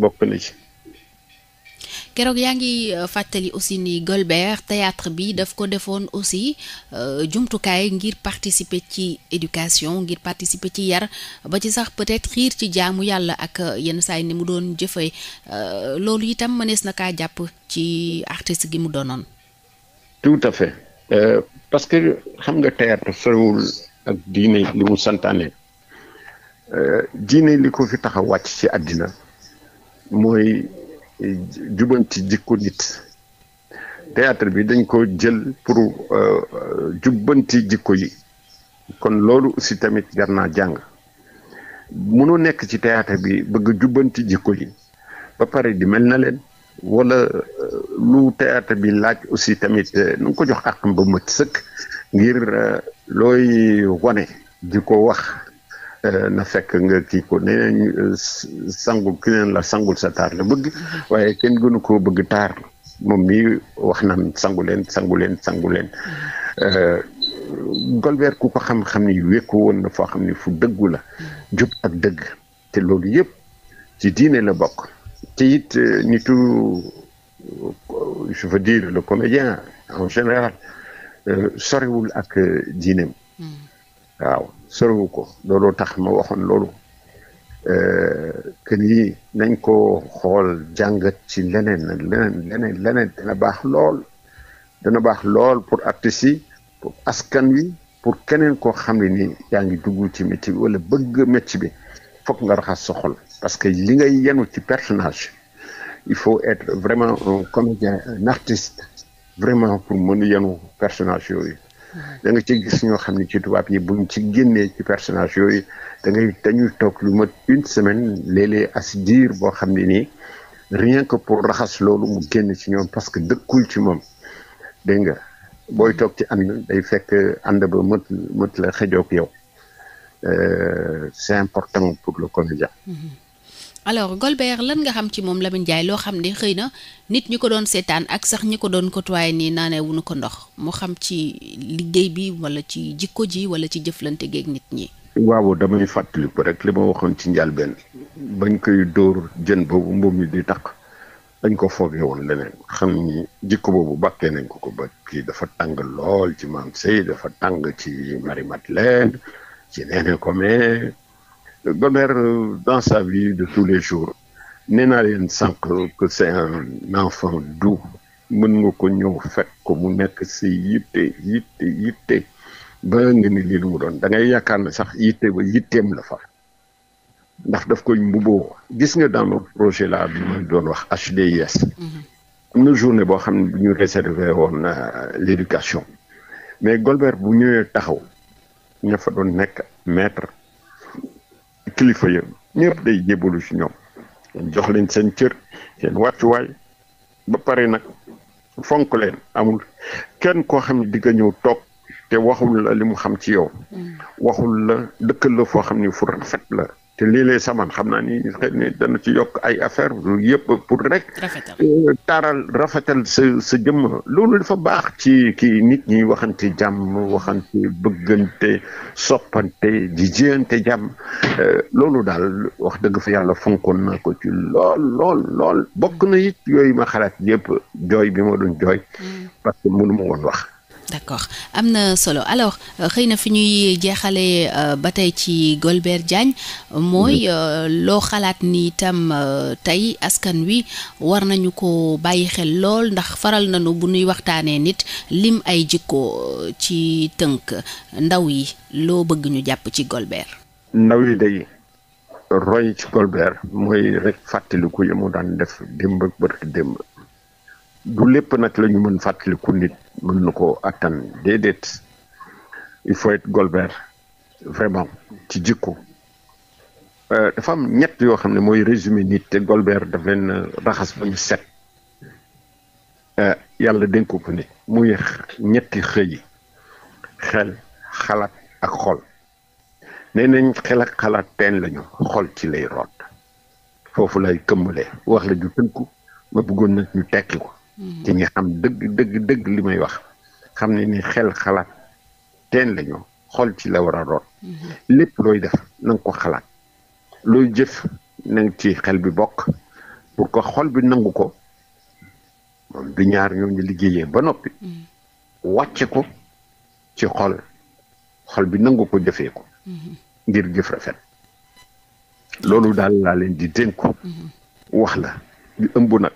bokk ci keroog yaa ngi euh, fàttali aussi ni Golbert théâtre bi daf ko defoon aussi euh, jumtukaay ngir participer ci éducation ngir participer ci yar ba ci sax peut-être xiir ci jaamu yàlla ak euh, yenn saay ni mu doon jëfee loolu itam mënees na kaa jàpp ci artiste gi mu doonoon. tout à fait parce que xam nga théâtre sorewul ak diine li mu santaane diine li ko fi tax a wàcc ci àddina mooy. jubbanti jikko nit théâtre bi dañ ko jël pour euh, euh, jubbanti jikko yi kon loolu aussi tamit jar naa jàng mënoo nekk ci théâtre bi bëgg jubbanti jikko yi ba pare di mel na leen wala euh, lu théâtre bi laaj aussi tamit nu nga ko jox àqam ba mët sëkk ngir looy wane di ko wax Eh, na fekk nga kii ko eh, neen la sangul sa taar la bëgg mm-hmm. waaye kenn gënu koo bëgg taar moom mii wax naan sangu leen sangu leen sangu leen mm-hmm. eh, Golbert ku ko xam-xam ni wékku woon na foo xam ni fu dëggu la mm-hmm. jub ak dëgg te loolu yëpp ci diine la bokk te it nitu je veux dire le comédien en général sorewul ak diineem soriwu ko looloo tax ma waxoon loolu que ni nañ ko xool jàngat ci leneen leneen leneen leneen dana baax lool dana baax lool pour artistes yi pour askan wi pour keneen koo xam ne ni yaa ngi dugg ci métier bi wala bëgg métier bi foog nga raxas sa parce que li ngay yenu ci personnage il faut être vraiment un comédien un vraiment pour mën yenu personnage yooyu da nga ci gis ñoo xam ne ci tubaab yi buñ ci génnee ci personnage yooyu dangay dañuy toog lu mat une semaine léeg-léeg diir boo xam ne nii rien ko pour raxas loolu mu génn ci ñoom parce que dëkkul ci moom dégg nga booy toog ci ànd day fekk ànd ba mët mët la xëjoog yow euh, c'est important pour le comédien. Mm-hmm. alors Golbert lan nga xam ci moom Lamine Ndiaye loo xam ne xëy na nit ñi ko doon seetaan ak sax ñi ko doon côtoyé nii naanee wuñu ko ndox mu xam ci liggéey bi wala ci jikko ji wala ci jëflante geeg nit ñi. waaw damay fàttali ko rek li ma waxoon ci njëlbeen bañ koy dóor jën boobu mbuum mi di takk dañ ko foogee woon leneen xam ni jikko boobu bàkkee nañ ko ko ba kii dafa tàng lool ci maam Sey dafa tàng ci Marie Madeleine ci Néné Komé Golbert euh, dans sa vie de tous les jours nee naa leen sànq que c'est un enfant doux mën nga ko ñëw fekk ko mu nekk si yitte yitte yitte ba nga ni lii lu mu doon da ngay yaakaar ne sax yitte ba yitteem la fa ndax def koy mbuboo gis nga dans notre projet la bi ma doon wax HDIS mm-hmm. am na journée boo xam ne bu ñu réservé woon euh, l'éducation mais Golbert bu ñëwee taxaw ña fa doon nekk maître kilifa ya ñëpp day jébalu ci ñoom jox leen seen cër seen wàccuwaay ba pare nag fonk leen amul kenn koo xam ne di nga ñëw toog te waxul la li mu xam ci yow mm. waxul la dëkkal la foo xam ne fu rafet la te léeg-léeg saman xam naa ni xëy na dana ci yokk ay affaire yëpp pour rek euh, taaral rafetal sa sa jëmm loolu dafa baax ci kii nit ñi waxante jàmm waxante bëggante soppante di jiyante jàmm euh, loolu daal wax dëgg fa yàlla fonkoon naa ko ci lool lool lool bokk na it yooyu ma xalaat yëpp jooy bi ma doon jooy mm. parce que mënuma woon wax d'accord am na solo alors euh, xëy na fi ñuy jeexalee euh, ba tey ci Golbert Diagne mooy mm-hmm. euh, loo xalaat ni itam tey askan wi war nañu ko bàyyi xel lool ndax faral na nañu bu ñuy waxtaanee nit lim ay jikko ci tënk ndaw yi loo bëgg ñu jàpp ci Golbert ndaw yi day roy ci Golbert mooy rek fàttaliku yi mu daan def démb ak bërki démb du lépp nag lañu mën fàttaliku nit mën na ko attan déedéet il faut golbeer Golbert vraiment ci jikko euh, dafa am ñett yoo xam ne mooy résumé nit te golbeer daf leen euh, raxas ba ñu set euh, yàlla dénku ko nit muy ñetti xëyi xel xalaat ak xol nee nañ xel xalaat teen lañu xol ci lay root foofu lay këmbalee wax la ju tënku ma bëggoon nag ñu tekki ko ki ñi xam dëgg dëgg dëgg li may wax xam ne ni xel xalaat teen lañu xol ci la war a root mhm. lépp looy def na ko xalaat looy jëf na ci xel bi bokk pour que xol bi nangu ko moom bi ñaar ñu liggéeyee ba noppi mhm. wàcce ko ci xol xol bi nangu ko jëfee ko mhm. ngir jëf rafet loolu daal laa leen di dénk wax la di ëmb nag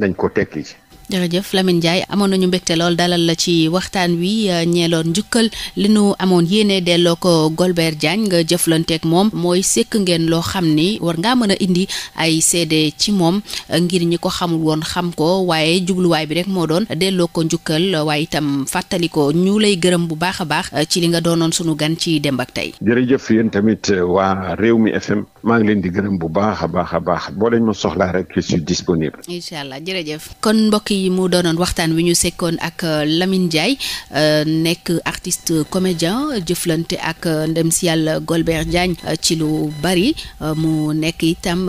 nañ ko tekki ci jërëjëf Lamine Ndiaye amoon nañu mbégte lool dalal la ci waxtaan wi euh, ñeeloon njukkal li nu amoon yéene delloo ko Golbert Diagne nga moom mooy sekk ngeen loo xam ni war ngaa mën a indi ay seede ci moom euh, ngir ñi ko xamul woon xam ko waaye jubluwaay bi rek moo doon delloo ko njukkal waaye fàttali ko ñu lay gërëm bu baax a baax euh, ci li nga doonoon sunu gan ci Demb ak Tay. jërëjëf yéen tamit waa réew mi FM maa ngi leen di gërëm bu baax a baax a baax boo leen ma soxlaa rek je suis disponible. incha allah jërëjëf kon mbokk yi mu doonoon waxtaan wi ñu sekkoon ak euh, Lamine Ndiaye euh, nekk artiste comédien jëflante ak euh, ndem si yàlla Golbert Diagne ci lu bari mu nekk itam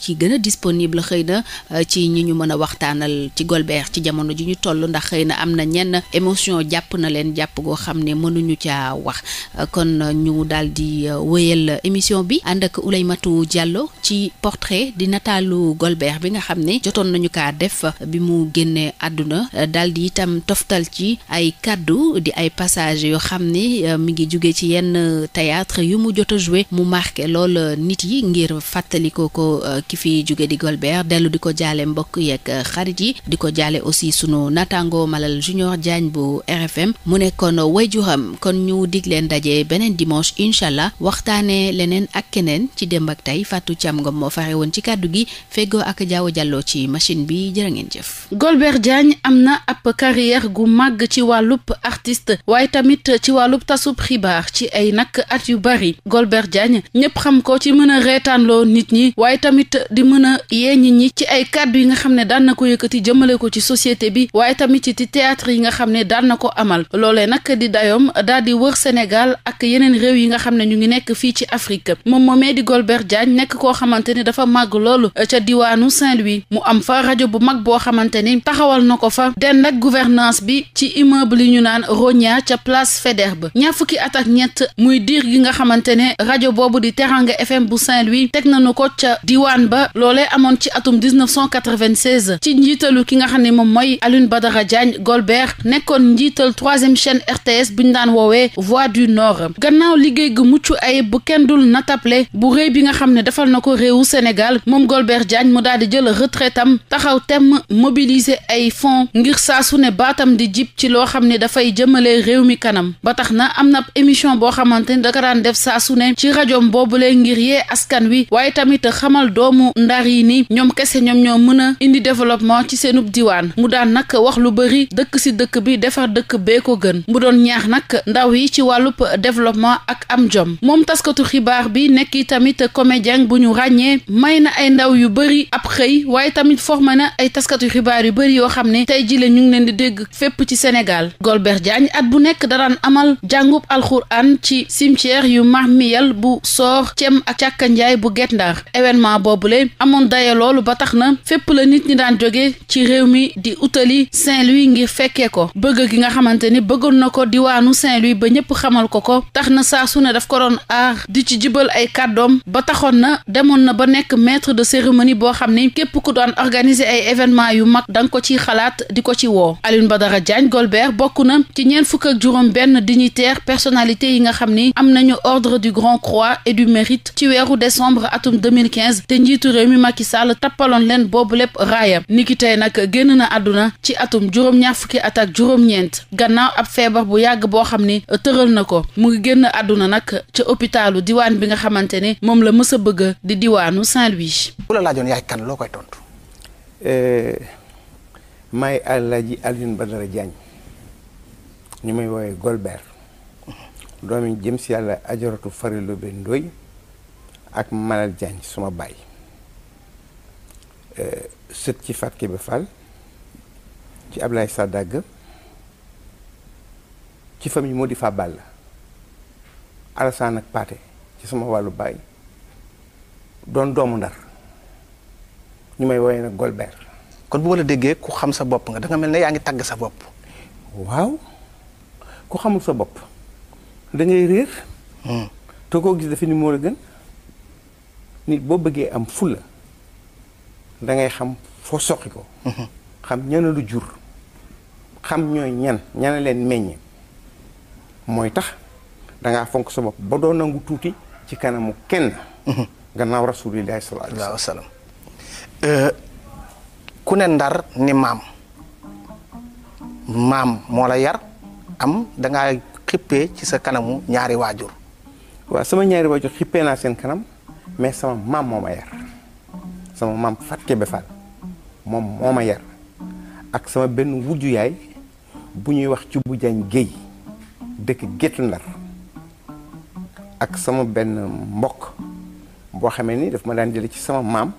ci gën a disponible xëy na ci ñi ñu mën a waxtaanal ci Golbert ci jamono ji ñu toll ndax xëy na am na ñenn émotion jàpp na leen jàpp goo xam ne mënuñu caa wax kon ñu daal di wéyal émission bi ànd ak Ouleymatou Diallo ci portrait di nataalu Golbert bi nga xam ne jotoon nañu kaa def bi mu mu génne àdduna daal di itam toftal ci ay kàddu di ay passage yoo xam ni euh, mu ngi jóge ci yenn théâtre yu mu jot a joué mu marqué lool euh, nit yi ngir fàttali ko ko euh, ki fi jóge di Golbert dellu di ko jaale mbokk yeeg xarit yi di ko jaale aussi sunu natango Malal Junior Diagne bu RFM mu nekkoon wayjuram kon ñu dig leen daje beneen dimanche incha allah waxtaanee leneen ak keneen ci démb ak tey Fatou Thiam Ngom moo fare woon ci kàddu gi feggoo ak jaawo jàlloo ci Golbert Diagne am na ab carrière gu màgg ci wàllub artiste waaye tamit ci wàllub tasub xibaar ci ay nag at yu bari Golbert Diagne ñëpp xam ko ci mën a reetaanloo nit ñi waaye tamit di mën a yee nit ñi ci ay kàddu yi nga xam ne daan na ko yëkkati jëmale ko ci société bi waaye tamit ci théâtre yi nga xam ne daan na ko amal loolee nag di dayoom daal di wër Sénégal ak yeneen réew yi nga xam ne ñu ngi nekk fii ci Afrique moom moomee di Golbert Diagne nekk koo xamante ne dafa màgg loolu ca diwaanu saint bu mag boo xamante xamante ni taxawal na ko fa den nag gouvernance bi ci immeuble yi ñu naan Rogna ca place Faidherbe ñaar fukki at ñett muy diir gi nga xamante ne rajo boobu di Teranga FM bu Saint-Louis teg nañu ko ca diwaan ba loole amoon ci atum 1996 ci njiitalu ki nga xam ne moom mooy Alioune Badara Diagne Golbert nekkoon njiital troisième chaîne RTS bu ñu daan woowee Voix du Nord gannaaw liggéey gu mucc ay bu kenn dul natable bu réy bi nga xam ne defal na ko réewu Sénégal moom Golbert Diagne mu daal di jël retraitam taxaw mobiliser ay fon ngir saa su ne baatam di jib ci loo xam ne dafay jëmale réew mi kanam ba tax na am na émission boo xamante ne daka daan def saa su ne ci rajoom boobule ngir yee askan wi waaye tamit xamal doomu ndar yi ni ñoom kese ñoom ñoo mën a indi développement ci seenub diwaan mu daan nag wax lu bëri dëkk si dëkk bi defar dëkk bee ko gën mu doon ñaax nag ndaw yi ci wàllub développement ak am jom moom taskatu xibaar bi nekk tamit comédien bu ñu ràññee may na ay ndaw yu bëri ab xëy tamit formé xibaar yu bëri yoo xam ne tey ji la ñu ngi leen di dégg fépp ci Sénégal Golbert Diagne at bu nekk daraan amal jàngub alxuraan ci cimetière yu Mahmiyal bu Soor Cem ak Càkka Njaay bu Guet Ndar événement boobule amoon daye loolu ba tax na fépp la nit ñi daan jóge ci réew mi di utali Saint-Louis ngir fekkee ko bëgg gi nga xamante ni bëggoon na ko diwaanu Saint-Louis ba ñëpp xamal ko ko tax na saa su ne daf ko doon aar di ci jibal ay kàddoom ba taxoon na demoon na ba nekk maître de cérémonie boo xam ne képp da ko ciy xalaat di ko ci woo ba dara Diagne Golbert bokk na ci ñeent fukk ak juróom benn dignitaire personnalité yi nga xam ni am nañu ordre du Grand Croix et du Mérite ci weeru décembre atum 2015 te njiitu réew mi Macky Sall tappaloon leen boobu lépp raaya niki tey nag génn na àdduna ci atum juróom-ñaar fukki at ak juróom-ñeent gannaaw ab feebar bu yàgg boo xam ni tëral na ko mu ngi génn àdduna nag ca hôpitalu diwaan bi nga xamante ne moom la mës a bëgg di diwaanu Saint-Louis. la laajoon yaay kan loo koy tontu. Euh, may Alaaji ba Badara Diagne ñu may woowee golbeer doomi jëm si yàlla ajaratu Fary Lobé Ndoye ak Malal Diagne suma baay euh, sët ci Fatou Kébé Fall ci Ablaye Sadag ci famille moo di Fabal Alassane ak Paate ci sama wàllu baay doon doomu ndar ñu may woowee nag golbeer kon bu ma la déggee ku xam sa bopp nga danga nga mel ne yaa ngi tagg sa bopp. waaw ku xamul sa bopp da ngay réer. Hmm. te koo gis dafa ni moo la gën nit boo bëggee am fulla dangay xam foo soqi ko. Hmm. xam ñana jur. xam ñooy ñan ñana leen meññ. mooy tax da fonk sa bopp ba doo nangu tuuti ci kanamu kenn. Hmm. gannaaw rasulillahi sallallahu alayhi wa ku ne ndar ni maam maam moo la yar am danga ngaa xippee ci sa kanamu ñaari waajur waaw sama ñaari waajur xippee naa seen kanam mais sama maam moo ma yar sama maam Fatou Kébé Fall moom moo yar ak sama benn wujju yaay bu ñuy wax ci bu jañ géey dëkk géttu ndar ak sama benn mbokk boo xamee ni daf ma daan jële ci sama maam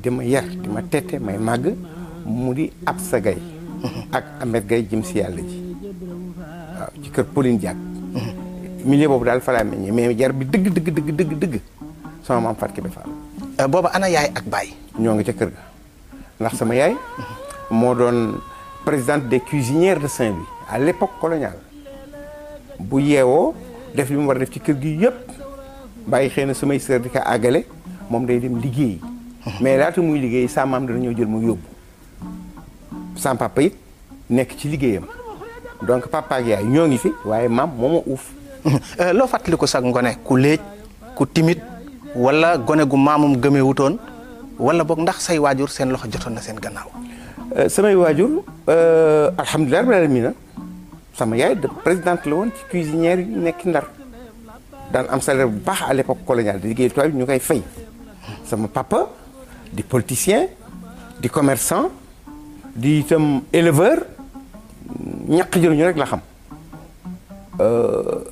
di ma yar di ma tette may màgg mu di Absa Gaye ak Ahmed Gaye jëm si yàlla ji waaw ci kër Pauline Diak milieu boobu daal fa laa meññee mais jar bi dëgg dëgg dëgg dëgg dëgg sama maam Fatou Kébé Fall euh, booba ana yaay ak baay ñoo ngi ca kër ga ndax sama yaay moo doon présidente de cuisinières de Saint-Louis à l'époque coloniale bu yeewoo def li mu war a def ci kër gi yëpp bàyyi xëy na samay sœur di ko àggale moom day dem liggéey mais laata muy liggéey sa maam dana ñëw jël mu yóbbu sa papa it nekk ci liggéeyam donc papa yaay ñoo ngi fi waaye maam moo ma uuf. Euh, loo fàttali ko sax ngone ku léej ku timide wala gone gu maamum gëmee wutoon wala boog ndax say waajur seen loxo jotoon na seen gannaaw. Euh, samay waajur euh, alhamdulilah rabbil aalamiin sama yaay de présidente la woon ci cuisinière yi nekki ndar daan am salaire bu baax à l'époque coloniale di liggéey tubaab bi ñu koy fay sama papa di politicien di commerçant di itam éleveur ñaq jëriñu rek la xam euh,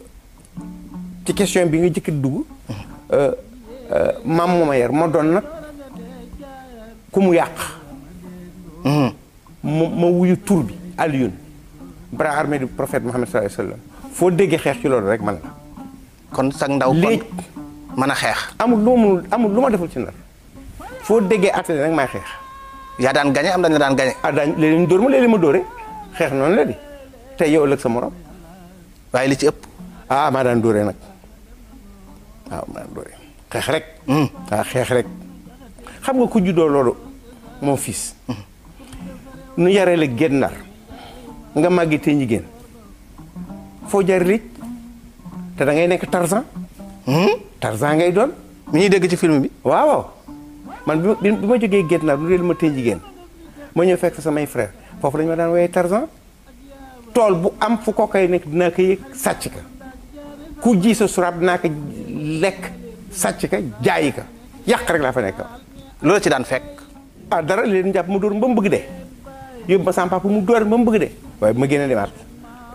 ci question bi nga jëkk dugg euh, maam mooma yar ma doon nag ku mu yàq ma wuyu tur bi Alioune bras armé du prophète Mohammed sallallahu alayhi wa sallam foo déggee xeex ci loolu rek man la kon sag ndaw kon mën a xeex amul lu amul amul lu ma deful ci ndar foo déggee attelé rek may xeex yaa daan gañe am dañ la daan gañe ah daañ léeg-léeg ñu dóor ma léeg-léeg xeex noonu la tey yow sa morom waaye li ci ëpp ah maa daan dóoree nag waaw maa daan dóoree xeex rek hmm. ah, xeex rek xam nga ku juddoo loolu mon fils hmm. nu yaree la génn nar nga màggi tee ñi génn foo jar lij te da nekk Tarzan hmm? Tarzan ngay doon mi ñuy dégg ci film bi waaw man bi ma jógee génn naa lu dee lu ma tëj jigéen ma ñëw fekk samay frère foofu dañu ma daan woowee Tarzan tool bu am fu kookay nekk dinaa ko yëg sàcc ka ku ji sa suraab dinaa ko lekk sàcc ka jaayi ka yàq rek laa fa nekk loolu ci daan fekk ah dara leen jàpp mu dóor ba mu bëgg dee yóbbu ma sama papa mu dóor ba mu bëgg dee waaye bu ma génne demaat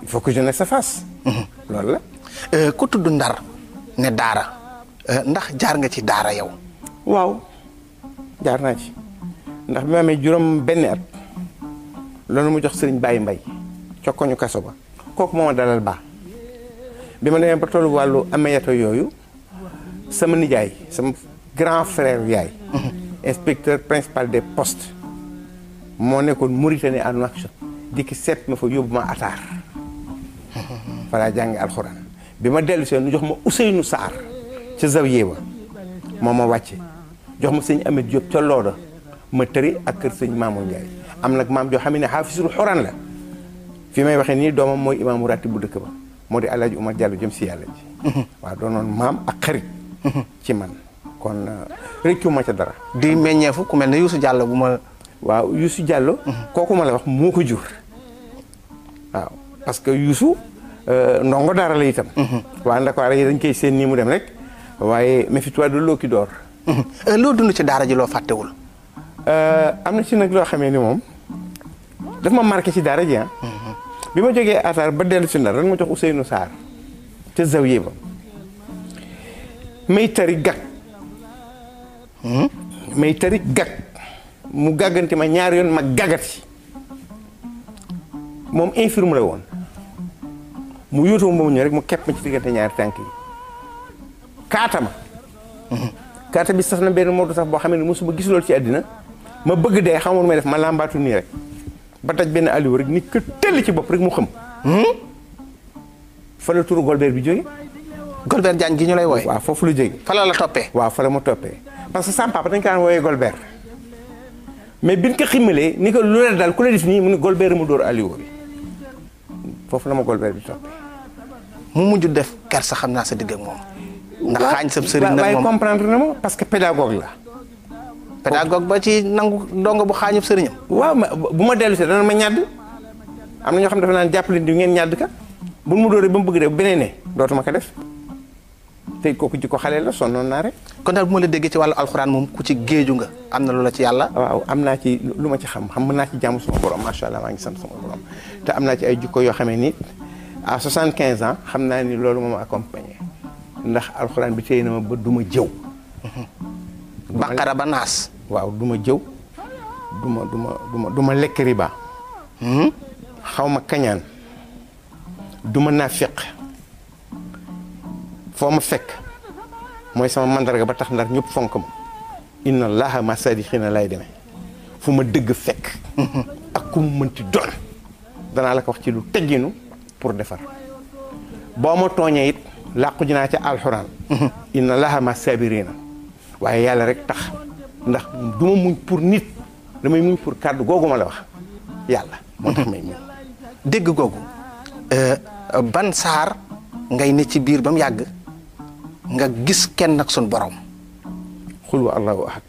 il faut que jeunesse se fasse mhm. loolu la euh, ku tudd ndar ne daara euh, ndax jaar nga ci daara yow jaar naa ci ndax bi ma amee juróom benn at loolu mu jox sëriñ Baye Mbay ca koñu kaso ba kooku moo ma dalal baax bi ma demee ba tollu wàllu ameyato yooyu sama nijaay sama grand frère yaay inspecteur principal des post moo nekkoon Mauritanie à Nouakchott di seet ma fa yóbbu ma ataar falaa jàngi alxuraan bi ma dellu seen nu jox ma Ousseynou Sarr ca zawiye ba moo ma wàcce jox ma sëñ Amet Diop ca loola ma tëri ak kër sëñ Mamour Ndiaye am nag maam joo xam ne xaafisul xoraan la fi may waxee nii doomam mooy imaamu rati bu dëkk ba moo di El Hadj Oumar Diallo jëm si yàlla ji. waaw doonoon maam ak xarit. ci man kon euh, rëccu ma ca dara. di meññeefu ku mel ne Youssou Diallo bu ma. waaw Youssou jàll mhm. kooku ma la wax mu ko jur. waaw parce que Youssou euh, ndongo daara la itam. Mhm. waa Ndakaaru yi dañ koy seen nii mu dem rek waaye méfie-toi de l'eau qui Euh, loo dund ci daara ji loo fàttewul. Euh, am na ci nag loo xamee ni moom daf ma marqué ci daara ji ah. Mm-hmm. bi ma jógee Atar ba dellu si Ndar ren ma jox Ousseynou Sarr te zawiye ba mm-hmm. may tari gag. mu gàgganti ma ñaari yoon ma gàggati moom infirme la woon mu yóotu ma ba mu ñëw rek mu képp ma ci diggante ñaari tànk yi kaatama. Mm-hmm. carte bi saf na benn moodu saf boo xam ne mosuma gis loolu ci àddina ma bëgg dee xamoon may def ma làmbaatu nii rek ba taj benn aliwa rek nit ko tëll ci bopp rek mu xam hmm? fa la turu bi jóge Golbert Diagne gi ñu lay wooye waaw foofu la jóge fa la la toppee waaw fa la ma toppee parce que sama papa dañ ko daan wooyee Golbert mais biñ ko ximmalee ni ko lu la dal ku la def nii mu ne Golbert mu dóor aliwa foofu la ma Golbert bi toppee mu mujj def kersa xam naa sa digg moom nga xaañ sab sëriñ nag moom comprendre na ma parce que pédagogue la. pédagogue ba ci nangu ndongo bu xaañub sëriñam. waaw ma bu ma dellu si dana ma ñàdd am na ñoo xam ne dafa naan jàppale di ngeen ñàdd ka bu mu dóoree ba mu bëgg rek beneen ne dootuma ko def tey kooku ji ko xale la sonnoon naa rek. kon daal bu ma la déggee ci wàllu alxuraan moom ku ci géeju nga am na loola ci yàlla. waaw am naa ci lu ma ci xam xam mën naa ci jàmm sama borom macha allah maa ngi sant sama borom te am naa ci ay jikko yoo xam ne a à 75 ans xam naa ni loolu moom accompagné. ndax alxuraan bi téye na ma ba du ma jëw. baqara ba naas. waaw du ma jëw du ma du ma du ma du lekk riba. Hmm? xaw ma kañaan du ma naafiq foo ma fekk mooy sama mandarga ba tax ndar ñëpp fonk ma inna allaha ma sadiqina lay demee fu ma dëgg fekk ak ku mu mënti doon danaa la ko wax ci lu tegginu pour defar boo ma tooñee it làqu ji naa ca alxuraan inna laha ma sabirina waaye yàlla rek tax ndax du muñ pour nit damay muñ pour kàddu googu ma la wax yàlla moo tax may muñ dégg googu euh, ban saar ngay ne ci biir ba mu yàgg nga gis kenn ak sun borom xul wa allahu ahad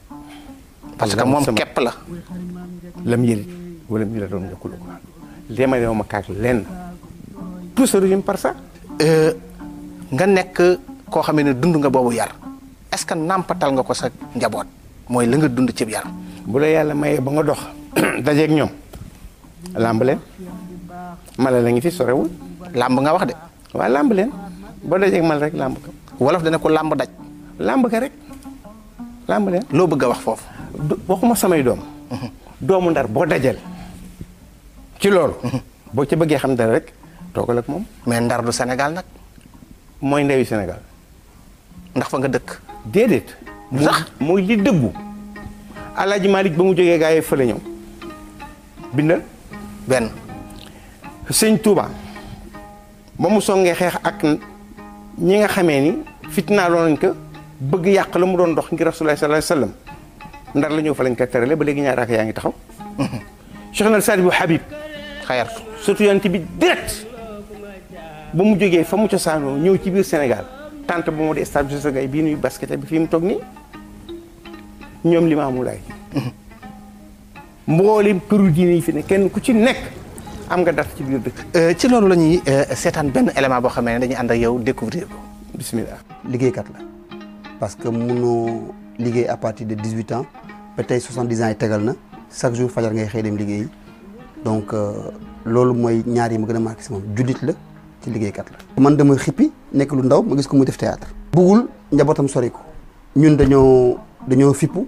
parce que moom képp la lam yëlit wala mu la doon nga xulu ko li ma kaak lenn par ça euh, nga nekk koo xam ne dund nga boobu yar est-ce que nàmpatal nga ko sa njaboot mooy la dund ci yar. bu la yàlla maye ba nga dox dajeeg ñoom làmb leen mala la ngi fi sorewul làmb nga wax de. waaw làmb leen boo dajeeg mal rek làmb ko. wolof dana làmb daj. ka rek làmb leen. loo bëgg a wax foofu. waxuma samay doom. Mhm. doomu ndar boo dajal ci loolu. Mhm. boo ci bëggee xam dara rek toogal ak moom. mais ndar du Sénégal nag. mooy ndeyu Sénégal. ndax fa nga dëkk. déedéet. sax mooy li dëggu. Alaaji Malick ba mu jógee gaa yi fa ñëw. bindal. benn. sëñ Touba. ba mu songee xeex ak ñi nga xamee ni fitnaaloon nañ ko bëgg yàq la mu doon ndox ngir Rasulullah sallallahu alayhi wasallam ndar la ñëw fa lañ ko terale ba léegi ñaari rakaa yaa ngi taxaw. Cheikh Nal Saad bu Habib. xayar surtout yonent bi direct. ba mu jógee fa mu cosaanoo ñëw ci biir Sénégal tante bu mu di stade Joseph Gaye bii nuy basket bi fi mu toog nii ñoom Limaamu Laay mboolem këru diine fi ne kenn ku ci nekk am nga dara ci biir dëkk. Euh, ci loolu la ñuy euh, seetaan benn élément boo xam ne dañuy ànd ak yow découvrir ko. bismillah liggéeykat la parce que munoo liggéey à partir de dix huit ans ba tey soixante dix ans yi tegal na chaque jour fajar ngay xëy dem liggéeyi donc euh, loolu mooy ñaar yi ma gën a marqué la. ci liggéeykat la man dama xippi nekk lu ndaw ma gis ko muy def théâtre buggul njabootam sori ko ñun dañoo dañoo fippu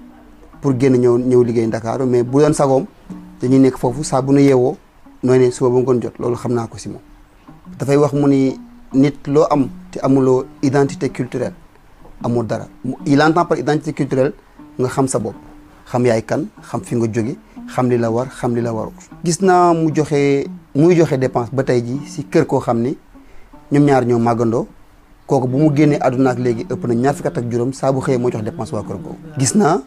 pour génn ñëw ñëw liggéey Ndakaaru mais bu doon sagoom dañuy nekk foofu saa bu nu yeewoo nooy ne suba ba ngoon jot loolu xam naa ko si moom dafay wax mu ni nit loo am te amuloo identité culturelle amul dara il entend par identité nga xam sa bopp xam yaay kan xam fi nga jóge xam li la war xam li la waru gis naa mu joxe muy joxe dépense ba tey ji si kër koo xam ni ñoom ñaar ñoo màggandoo kooku bu mu génnee àdduna ak léegi ëpp na ñaar fukki ak juróom saabu bu xëyee moo jox dépense waa kër googu gis naa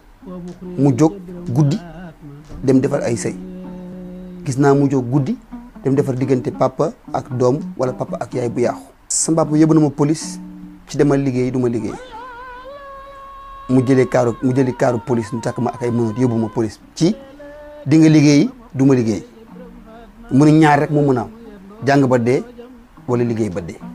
mu jóg guddi dem defar ay sëy gis naa mu jóg guddi dem defar diggante papa ak doom wala papa ak yaay bu yaaxu sama papa yóbbu na ma police ci demal liggéey duma liggéey mu jëlee kaaru mu jëli kaaru police ñu takk ma ak ay mënoot yóbbu ma police ci di nga liggéey duma liggéey mu ñaar rek moo mën a jàng ba dee wala liggéey ba dee